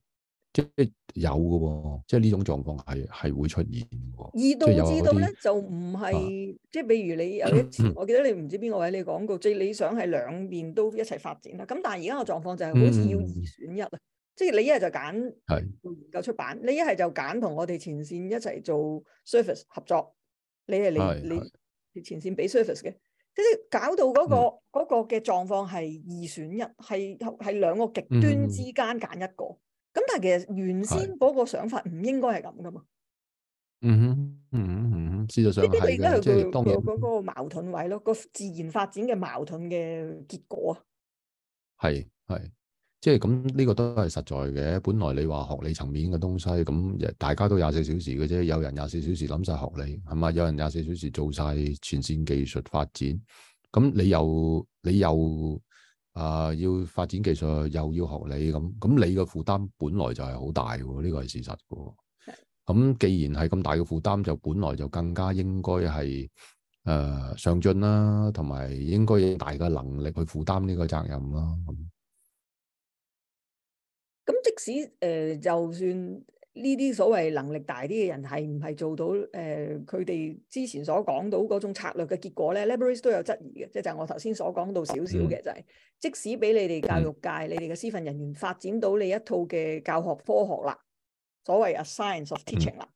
即係有嘅，即係呢種狀況係係會出現嘅。二度知道咧就唔係，即係比如你有一次，我記得你唔知邊個位你講過，即係你想係兩面都一齊發展啦。咁但係而家個狀況就係好似要二選一啊！即係你一係就揀做研究出版，你一係就揀同我哋前綫一齊做 service 合作。你係你你前綫俾 service 嘅，即係搞到嗰個個嘅狀況係二選一，係係兩個極端之間揀一個。咁但係其實原先嗰個想法唔應該係咁噶嘛嗯？嗯哼，嗯嗯嗯，事實上呢啲你咧係佢佢嗰個矛盾位咯，個自然發展嘅矛盾嘅結果啊。係係，即係咁呢個都係實在嘅。本來你話學理層面嘅東西，咁大家都廿四小時嘅啫。有人廿四小時諗晒學理，係嘛？有人廿四小時做晒全線技術發展。咁你又你又？你又啊、呃，要發展技術又要學你咁咁，你嘅負擔本來就係好大嘅，呢個係事實嘅。咁既然係咁大嘅負擔，就本來就更加應該係誒上進啦，同埋應該有大嘅能力去負擔呢個責任啦。咁即使誒、呃，就算。呢啲所謂能力大啲嘅人係唔係做到誒佢哋之前所講到嗰種策略嘅結果咧？Liberace 都有質疑嘅、就是就是，即係就係我頭先所講到少少嘅，就係即使俾你哋教育界、你哋嘅師訓人員發展到你一套嘅教學科學啦，所謂 a science of teaching 啦，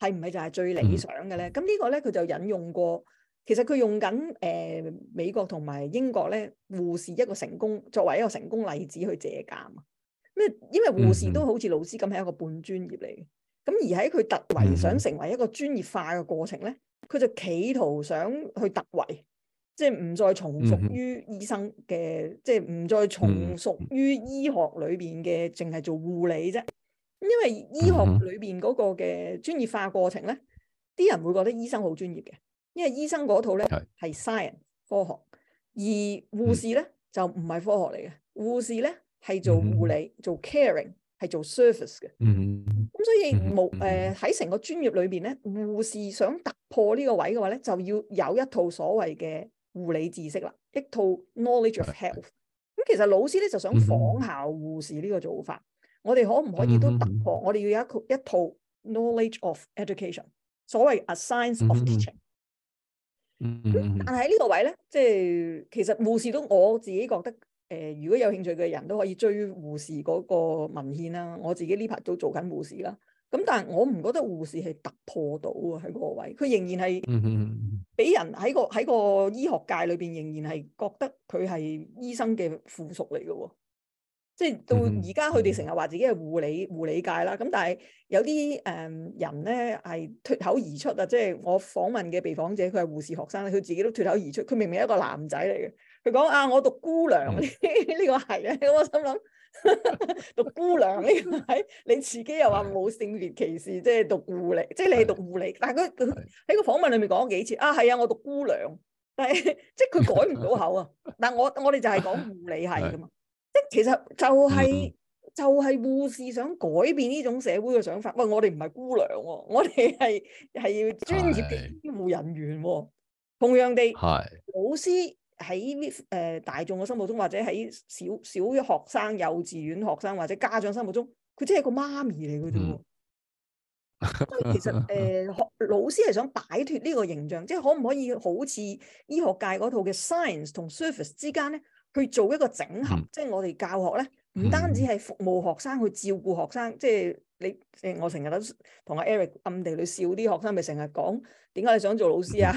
係唔係就係最理想嘅咧？咁呢個咧，佢就引用過，其實佢用緊誒、呃、美國同埋英國咧，護士一個成功作為一個成功例子去借鑑。咩？因為護士都好似老師咁，係一個半專業嚟嘅。咁、嗯、而喺佢突圍想成為一個專業化嘅過程咧，佢就企圖想去突圍，即係唔再從屬於醫生嘅，即係唔再從屬於醫學裏邊嘅，淨係做護理啫。因為醫學裏邊嗰個嘅專業化過程咧，啲、嗯、人會覺得醫生好專業嘅，因為醫生嗰套咧係 science 科學，而護士咧、嗯、就唔係科學嚟嘅，護士咧。係做護理、mm hmm. 做 caring 做、係做 service 嘅。嗯、hmm. 咁所以無誒喺成個專業裏邊咧，護士想突破呢個位嘅話咧，就要有一套所謂嘅護理知識啦，一套 knowledge of health。咁、mm hmm. 其實老師咧就想仿效護士呢個做法，我哋可唔可以都突破？我哋要有一一套 knowledge of education，所謂 a science of teaching。嗯、mm。Hmm. 但係喺呢個位咧，即係其實護士都我自己覺得。誒、呃、如果有興趣嘅人都可以追護士嗰個文獻啦，我自己呢排都做緊護士啦。咁、嗯、但係我唔覺得護士係突破到啊，喺個位佢仍然係俾人喺個喺個醫學界裏邊仍然係覺得佢係醫生嘅附屬嚟嘅喎。即係到而家佢哋成日話自己係護理護理界啦。咁、嗯、但係有啲誒、呃、人咧係脫口而出啊！即、就、係、是、我訪問嘅被訪者，佢係護士學生啦，佢自己都脫口而出，佢明明係一個男仔嚟嘅。佢講啊，我讀姑娘呢個係啊，咁我心諗讀姑娘呢個係你自己又話冇性別歧視，即係讀護理，即係你係讀護理。但係佢喺個訪問裏面講咗幾次啊，係啊，我讀姑娘，但係即係佢改唔到口啊。但係我我哋就係講護理係噶嘛，即係其實就係就係護士想改變呢種社會嘅想法。喂，我哋唔係姑娘，我哋係係專業嘅醫護人員，同樣地老師。喺呢啲誒大眾嘅心目中，或者喺小小學生、幼稚園學生或者家長心目中，佢真係個媽咪嚟嘅啫喎。嗯、所以其實誒，學、呃、老師係想擺脱呢個形象，即、就、係、是、可唔可以好似醫學界嗰套嘅 science 同 service 之間咧，去做一個整合，即係、嗯、我哋教學咧，唔單止係服務學生去照顧學生，即係。你誒，我成日都同阿 Eric 暗地裏笑啲學生，咪成日講點解你想做老師啊？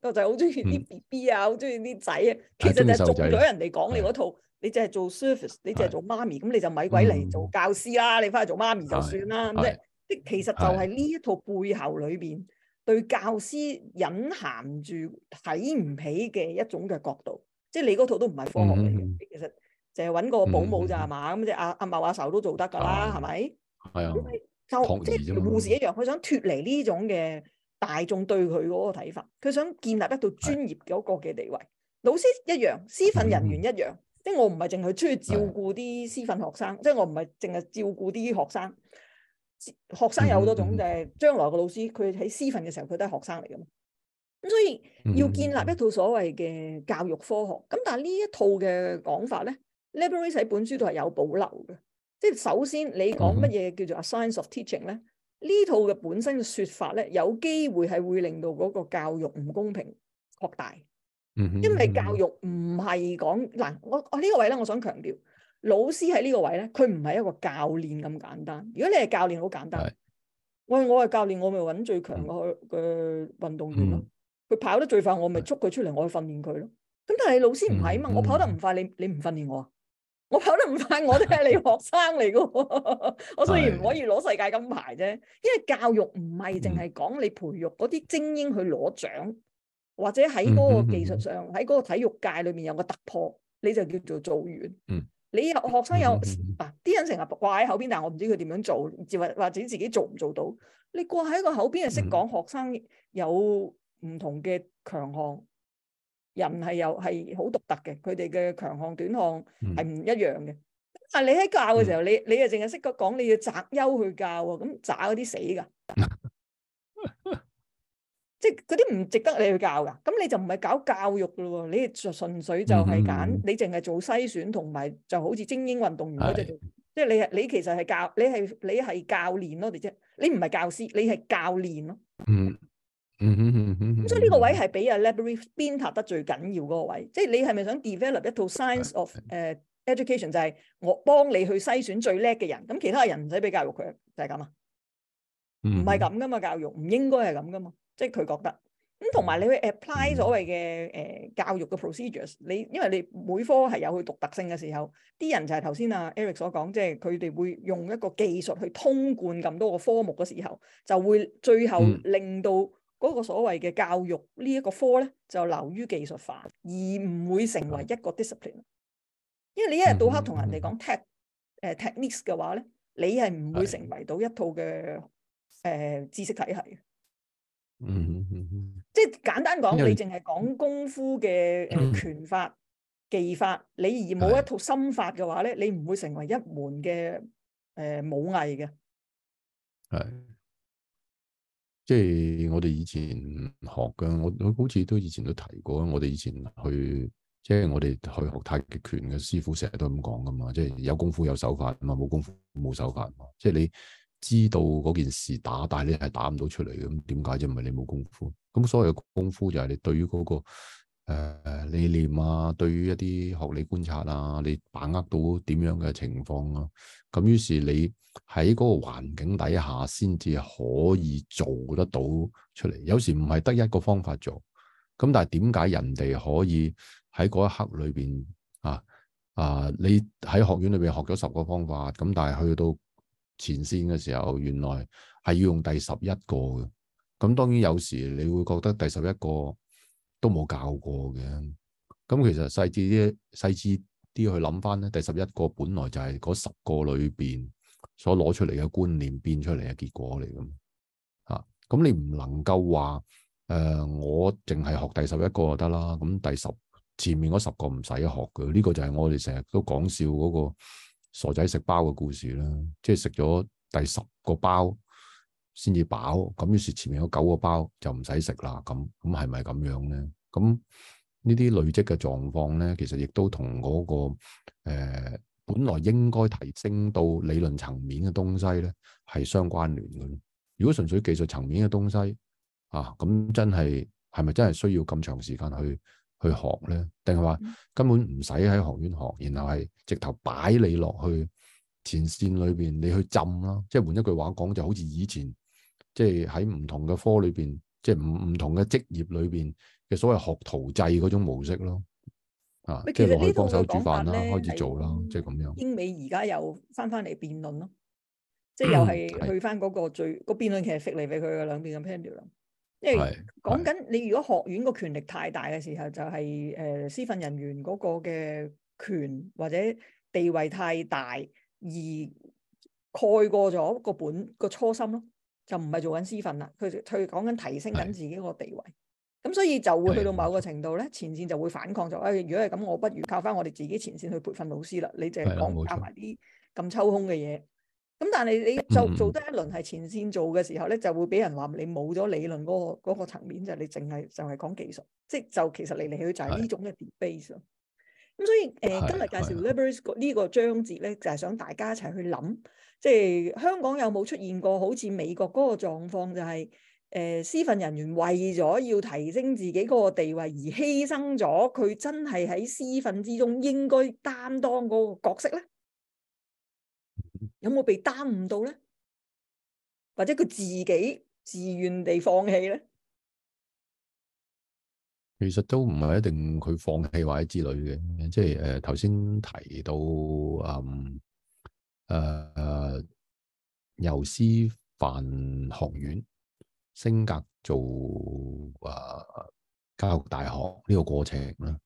個仔好中意啲 B B 啊，好中意啲仔。啊。其實就係中咗人哋講你嗰套，你淨係做 service，你淨係做媽咪，咁你就咪鬼嚟做教師啦。你翻去做媽咪就算啦。即即其實就係呢一套背後裏邊對教師隱含住睇唔起嘅一種嘅角度，即係你嗰套都唔係科學嚟嘅。其實淨係揾個保姆咋嘛咁，即係阿阿茂阿仇都做得㗎啦，係咪？係啊，嗯、就即係護士一樣，佢想脫離呢種嘅大眾對佢嗰個睇法，佢想建立一套專業嗰個嘅地位。的老師一樣，師訓人員一樣，嗯嗯即係我唔係淨係出去照顧啲師訓學生，的即係我唔係淨係照顧啲學生。學生有好多種，就係將來個老師，佢喺師訓嘅時候，佢都係學生嚟噶嘛。咁所以要建立一套所謂嘅教育科學。咁、嗯嗯嗯、但係呢一套嘅講法咧 library 喺本書都係有保留嘅。即係首先，你講乜嘢叫做、A、science of teaching 咧？呢、嗯、哼套嘅本身嘅説法咧，有機會係會令到嗰個教育唔公平擴大。嗯、哼因為教育唔係講嗱，我我呢、這個位咧，我想強調，老師喺呢個位咧，佢唔係一個教練咁簡單。如果你係教練，好簡單。是喂，我係教練，我咪揾最強嘅嘅、嗯、運動員咯。佢、嗯、跑得最快，我咪捉佢出嚟，我去訓練佢咯。咁但係老師唔係啊嘛，嗯、我跑得唔快，你你唔訓練我啊？我跑得唔快，我都係你學生嚟噶。 *laughs* 我雖然唔可以攞世界金牌啫，因為教育唔係淨係講你培育嗰啲精英去攞獎，或者喺嗰個技術上喺嗰個體育界裏面有個突破，你就叫做做完。你有學生有嗱，啲、啊、人成日掛喺口邊，但我唔知佢點樣做，或或者自己做唔做到。你掛喺個口邊係識講學生有唔同嘅強項。人係又係好獨特嘅，佢哋嘅強項、短項係唔一樣嘅。但係你喺教嘅時候，你你又淨係識得講，你要擇優去教啊，咁渣嗰啲死噶，即係嗰啲唔值得你去教噶。咁你就唔係搞教育咯，你純純粹就係揀你淨係做篩選同埋，就好似精英運動員嗰隻，即係你你其實係教，你係你係教練咯，你即，你唔係教師，你係教練咯。嗯嗯嗯嗯，咁所以呢個位係俾阿 Labaree 鞭撻得最緊要嗰個位，即係你係咪想 develop 一套 science of 誒 education 就係我幫你去篩選最叻嘅人，咁其他人唔使俾教育佢，就係咁啊？唔係咁噶嘛，教育唔應該係咁噶嘛，即係佢覺得。咁同埋你會 apply 所謂嘅誒教育嘅 procedures，你因為你每科係有佢獨特性嘅時候，啲人就係頭先阿 Eric 所講，即係佢哋會用一個技術去通貫咁多個科目嘅時候，就會最後令到、嗯。嗰個所謂嘅教育呢一個科咧，就流於技術化，而唔會成為一個 discipline。因為你一日到黑同人哋講 tech 誒 technics 嘅話咧，你係唔會成為到一套嘅誒、呃、知識體系嗯。嗯，嗯即係簡單講，為你淨係講功夫嘅誒拳法、嗯、技法，你而冇一套心法嘅話咧，嗯嗯、你唔會成為一門嘅誒、呃、武藝嘅。係、嗯。嗯嗯即係我哋以前學嘅，我好似都以前都提過。我哋以前去，即係我哋去學太極拳嘅師傅，成日都咁講噶嘛，即係有功夫有手法啊嘛，冇功夫冇手法嘛。即係你知道嗰件事打，但係你係打唔到出嚟嘅，咁點解啫？唔係你冇功夫，咁所謂嘅功夫就係你對於嗰個。誒，理、uh, 念啊，對於一啲學理觀察啊，你把握到點樣嘅情況啊，咁於是你喺嗰個環境底下，先至可以做得到出嚟。有時唔係得一個方法做，咁但係點解人哋可以喺嗰一刻裏邊啊啊？你喺學院裏邊學咗十個方法，咁但係去到前線嘅時候，原來係要用第十一個嘅。咁當然有時你會覺得第十一個。都冇教過嘅，咁其實細緻啲、細緻啲去諗翻咧，第十一個本來就係嗰十個裏邊所攞出嚟嘅觀念變出嚟嘅結果嚟嘅，啊，咁你唔能夠話誒、呃、我淨係學第十一個就得啦，咁第十前面嗰十個唔使學嘅，呢、這個就係我哋成日都講笑嗰個傻仔食包嘅故事啦，即係食咗第十個包。先至飽，咁於是前面有九個包就唔使食啦。咁咁係咪咁樣咧？咁呢啲累積嘅狀況咧，其實亦都同嗰、嗰個、呃、本來應該提升到理論層面嘅東西咧係相關聯嘅。如果純粹技術層面嘅東西啊，咁真係係咪真係需要咁長時間去去學咧？定係話根本唔使喺學院學，然後係直頭擺你落去前線裏邊你去浸咯、啊。即、就、係、係、換一句話講，就好似以前。即係喺唔同嘅科裏邊，即係唔唔同嘅職業裏邊嘅所謂學徒制嗰種模式咯，啊其實，即係落去幫手煮飯啦，開始做啦，即係咁樣。英美而家又翻翻嚟辯論咯，嗯、即係又係去翻嗰個最是個辯論其實 split 嚟俾佢嘅兩邊嘅 pandor 啦，因為講緊你如果學院個權力太大嘅時候，就係、是、誒、呃、師訓人員嗰個嘅權或者地位太大而蓋過咗個本、嗰個初心咯。就唔係做緊私訓啦，佢佢講緊提升緊自己個地位，咁的所以就會去到某個程度咧，的前線就會反抗咗。誒如果係咁，我不如靠翻我哋自己前線去培訓老師啦，你淨係講加埋啲咁抽空嘅嘢。咁但係你就做得一輪係前線做嘅時候咧，嗯、就會俾人話你冇咗理論嗰、那個嗰、那個、層面，就係、是、你淨係就係、是、講技術，即係就其實嚟嚟去就係呢種嘅 debate 咯。咁的所以誒，呃、的今日介紹 l i b r a r i s 呢個章節咧的，就係、是、想大家一齊去諗。即係香港有冇出現過好似美國嗰個狀況、就是，就係誒師訓人員為咗要提升自己嗰個地位而犧牲咗佢真係喺師訓之中應該擔當嗰個角色咧？有冇被耽誤到咧？或者佢自己自願地放棄咧？其實都唔係一定佢放棄或者之類嘅，即係誒頭先提到誒。嗯誒誒、呃，由師範學院升格做誒、呃，教育大學呢個過程啦。誒、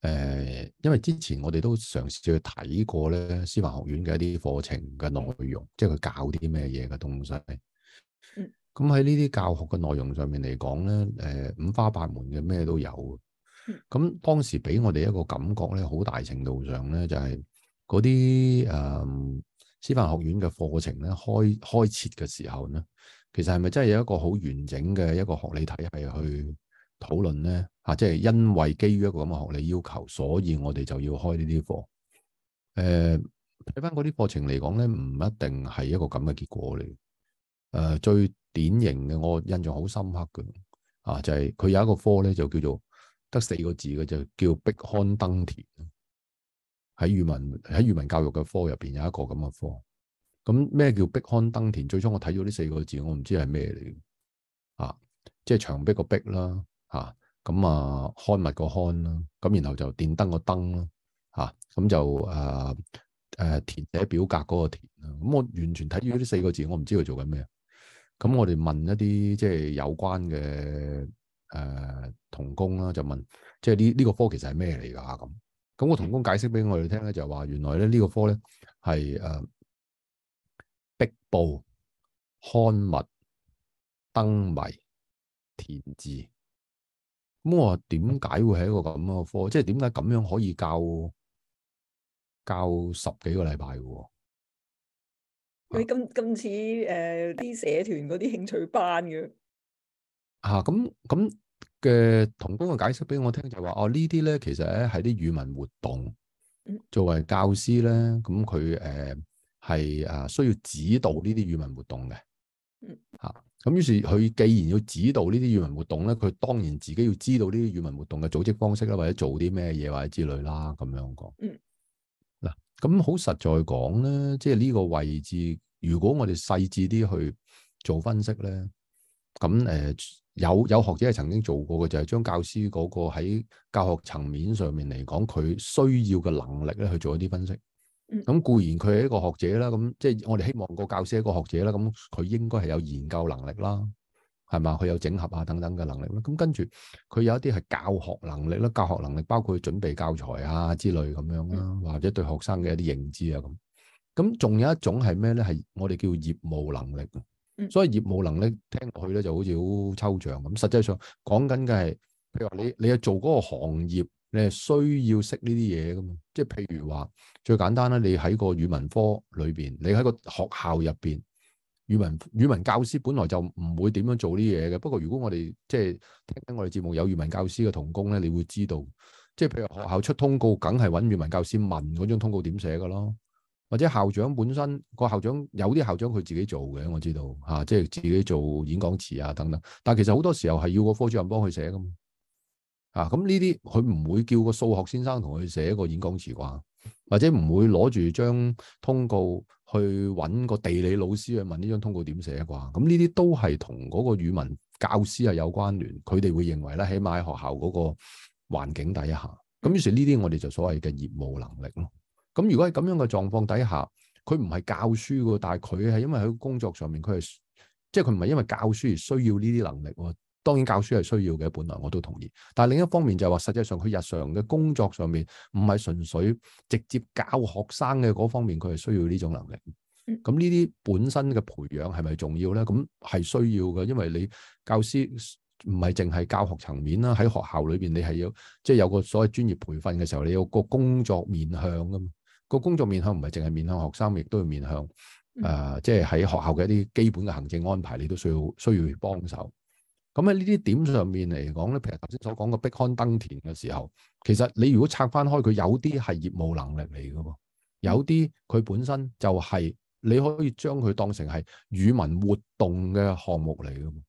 呃，因為之前我哋都嘗試去睇過咧，師範學院嘅一啲課程嘅內容，即係佢教啲咩嘢嘅東西。嗯。咁喺呢啲教學嘅內容上面嚟講咧，誒、呃，五花八門嘅咩都有。嗯。咁當時俾我哋一個感覺咧，好大程度上咧就係、是。嗰啲誒師範學院嘅課程咧，開開設嘅時候咧，其實係咪真係有一個好完整嘅一個學理體系去討論咧？嚇、啊，即係因為基於一個咁嘅學理要求，所以我哋就要開呢啲課。誒睇翻嗰啲課程嚟講咧，唔一定係一個咁嘅結果嚟。誒、呃、最典型嘅，我印象好深刻嘅啊，就係、是、佢有一個科咧，就叫做得四個字嘅，就叫碧刊登田。喺語文喺語文教育嘅科入邊有一個咁嘅科，咁咩叫壁刊燈填？最初我睇咗呢四個字，我唔知係咩嚟嘅啊！即係牆壁個壁啦，吓咁啊刊、啊、物個刊啦，咁然後就電燈個燈啦，吓咁就誒誒填寫表格嗰個填啦。咁我完全睇住呢四個字，我唔知佢做緊咩。咁我哋問一啲即係有關嘅誒同工啦，就問即係呢呢個科其實係咩嚟噶咁？啊咁我同工解釋俾我哋聽咧，就係、是、話原來咧呢、這個科咧係誒壁報、刊物、燈謎、填字。咁、嗯、我點解會係一個咁嘅科？即係點解咁樣可以教教十幾個禮拜嘅？你咁咁似誒啲社團嗰啲興趣班嘅。啊！咁咁。嘅同工嘅解釋俾我聽，就係話哦，呢啲咧，其實咧係啲語文活動，作為教師咧，咁佢誒係啊需要指導呢啲語文活動嘅，嗯吓，咁於是佢既然要指導呢啲語文活動咧，佢當然自己要知道呢啲語文活動嘅組織方式啦，或者做啲咩嘢，或者之類啦，咁樣講，嗯，嗱，咁好實在講咧，即係呢個位置如果我哋細緻啲去做分析咧，咁誒。呃有有學者係曾經做過嘅，就係將教師嗰個喺教學層面上面嚟講，佢需要嘅能力咧去做一啲分析。咁固然佢係一個學者啦，咁即係我哋希望個教師係一個學者啦，咁佢應該係有研究能力啦，係嘛？佢有整合啊等等嘅能力啦。咁跟住佢有一啲係教學能力啦，教學能力包括準備教材啊之類咁樣啦，嗯、或者對學生嘅一啲認知啊咁。咁仲有一種係咩咧？係我哋叫業務能力。所以業務能力聽落去咧就好似好抽象咁，實際上講緊嘅係，譬如你你係做嗰個行業，你係需要識呢啲嘢噶嘛？即係譬如話最簡單啦，你喺個語文科裏邊，你喺個學校入邊，語文語文教師本來就唔會點樣做呢啲嘢嘅。不過如果我哋即係聽緊我哋節目有語文教師嘅同工咧，你會知道，即係譬如學校出通告，梗係揾語文教師問嗰張通告點寫噶咯。或者校長本身、個校長有啲校長佢自己做嘅，我知道嚇、啊，即係自己做演講詞啊等等。但係其實好多時候係要個科主任幫佢寫㗎嘛，啊咁呢啲佢唔會叫個數學先生同佢寫一個演講詞啩、啊，或者唔會攞住張通告去揾個地理老師去問呢張通告點寫啩。咁呢啲都係同嗰個語文教師係有關聯，佢哋會認為咧，起碼喺學校嗰個環境底下，咁於是呢啲我哋就所謂嘅業務能力咯。咁如果喺咁樣嘅狀況底下，佢唔係教書嘅，但係佢係因為喺工作上面，佢係即係佢唔係因為教書而需要呢啲能力。當然教書係需要嘅，本來我都同意。但係另一方面就係話，實際上佢日常嘅工作上面，唔係純粹直接教學生嘅嗰方面，佢係需要呢種能力。咁呢啲本身嘅培養係咪重要咧？咁係需要嘅，因為你教師唔係淨係教學層面啦，喺學校裏邊你係要即係、就是、有個所謂專業培訓嘅時候，你有個工作面向啊嘛。個工作面向唔係淨係面向學生，亦都要面向誒，即係喺學校嘅一啲基本嘅行政安排，你都需要需要幫手。咁喺呢啲點上面嚟講咧，譬如頭先所講嘅碧刊登田嘅時候，其實你如果拆翻開，佢有啲係業務能力嚟㗎嘛，有啲佢本身就係，你可以將佢當成係語文活動嘅項目嚟㗎嘛。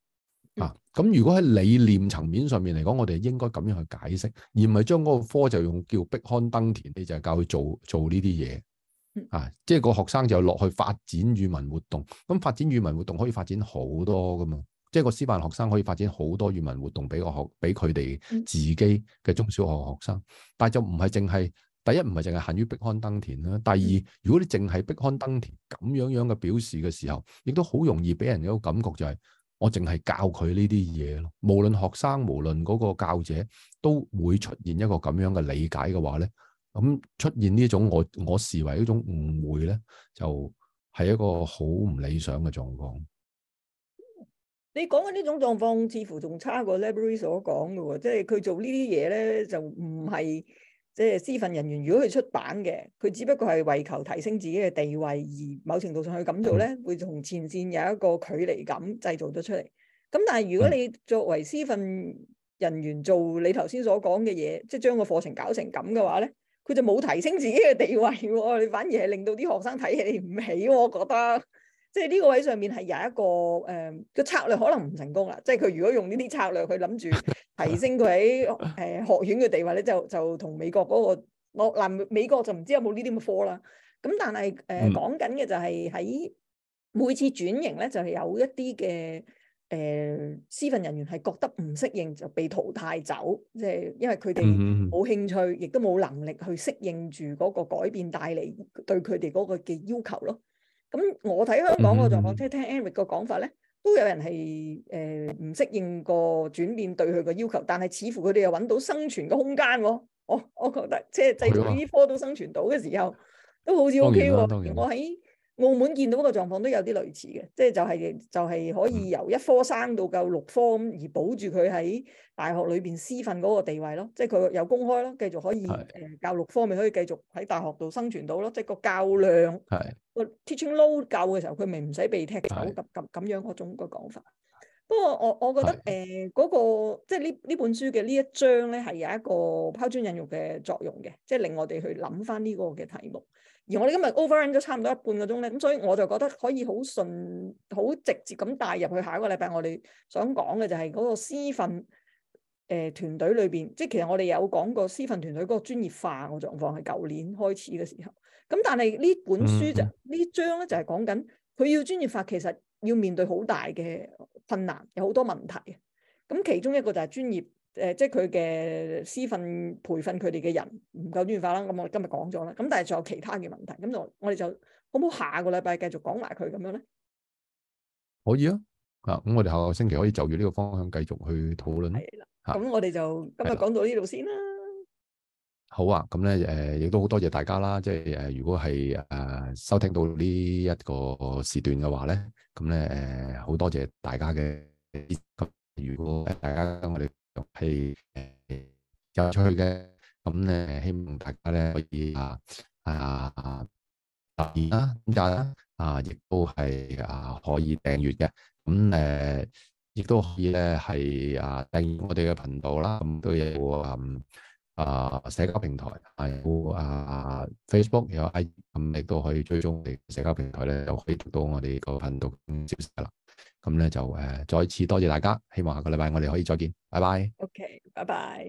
咁如果喺理念層面上面嚟講，我哋應該咁樣去解釋，而唔係將嗰個科就用叫碧刊登田，你就係、是、教佢做做呢啲嘢啊。即係個學生就落去發展語文活動。咁、嗯、發展語文活動可以發展好多噶嘛。即係個師範學生可以發展好多語文活動俾個學，俾佢哋自己嘅中小學學生。但係就唔係淨係第一，唔係淨係限於碧刊登田啦。第二，如果你淨係碧刊登田咁樣樣嘅表示嘅時候，亦都好容易俾人有個感覺就係、是。我淨係教佢呢啲嘢咯，無論學生無論嗰個教者，都會出現一個咁樣嘅理解嘅話咧，咁出現呢種我我視為一種誤會咧，就係、是、一個好唔理想嘅狀況。你講緊呢種狀況，似乎仲差過 Library 所講嘅喎，即係佢做呢啲嘢咧，就唔係。即係師訓人員，如果佢出版嘅，佢只不過係為求提升自己嘅地位而某程度上去咁做咧，會同前線有一個距離感製造咗出嚟。咁但係如果你作為師訓人員做你頭先所講嘅嘢，即係將個課程搞成咁嘅話咧，佢就冇提升自己嘅地位喎，啊，你反而係令到啲學生睇起你唔起，我覺得。即係呢個位上面係有一個誒、呃這個策略可能唔成功啦。即係佢如果用呢啲策略去諗住提升佢喺誒、 *laughs* 呃、學院嘅地位咧，就就同美國嗰、那個我嗱、啊、美國就唔知有冇呢啲咁嘅課啦。咁但係誒、呃、講緊嘅就係喺每次轉型咧，就係、是、有一啲嘅誒師訓人員係覺得唔適應就被淘汰走，即、就、係、是、因為佢哋冇興趣，亦都冇能力去適應住嗰個改變帶嚟對佢哋嗰個嘅要求咯。咁我睇香港個狀況，嗯、即係聽 Eric 個講法咧，都有人係誒唔適應個轉變對佢個要求，但係似乎佢哋又揾到生存個空間喎、哦。我我覺得即係製造呢啲科都生存到嘅時候，啊、都好似 OK 喎。我喺。澳門見到個狀況都有啲類似嘅，即係就係、是、就係、是、可以由一科生到夠六科，而保住佢喺大學裏邊師訓嗰個地位咯。即係佢有公開咯，繼續可以誒是、呃、教六科，咪可以繼續喺大學度生存到咯。即係個教量，個 teaching load 夠嘅時候，佢咪唔使被踢走咁咁咁樣嗰種個講法。不過我，我我覺得誒嗰、呃那個、即係呢呢本書嘅呢一章咧，係有一個拋磚引玉嘅作用嘅，即係令我哋去諗翻呢個嘅題目。而我哋今日 over 咗差唔多一半個鐘咧，咁所以我就覺得可以好順好直接咁帶入去下一個禮拜。我哋想講嘅就係嗰個師訓誒團隊裏邊，即係其實我哋有講過師訓團隊嗰個專業化嘅狀況係舊年開始嘅時候。咁但係呢本書就、嗯、章呢章咧就係講緊佢要專業化，其實要面對好大嘅。困難，有好多問題，咁其中一個就係專業，誒、呃，即係佢嘅師訓培訓佢哋嘅人唔夠專業化啦。咁我哋今日講咗啦，咁但係仲有其他嘅問題，咁我我哋就好唔好下個禮拜繼續講埋佢咁樣咧。可以啊，啊，咁我哋下個星期可以就住呢個方向繼續去討論。係啦的，咁、啊、我哋就今日的講到呢度先啦。好啊，咁咧誒，亦都好多謝大家啦！即係誒，如果係誒、呃、收聽到呢一個時段嘅話咧，咁咧誒，好、呃、多謝大家嘅支持。如果大家跟我哋走出去嘅，咁、呃、咧希望大家咧可以啊啊留言啦、點讚啦，啊亦都係啊可以訂閱嘅。咁誒亦都可以咧係啊訂閱我哋嘅頻道啦。咁都有啊～、嗯啊，社交平台，有啊，啊 Facebook，有、啊、I，咁、啊、亦都可以追蹤你社交平台咧，就可以到我哋個頻道，接咁啦。咁咧就誒，再次多謝大家，希望下個禮拜我哋可以再見，拜拜。OK，拜拜。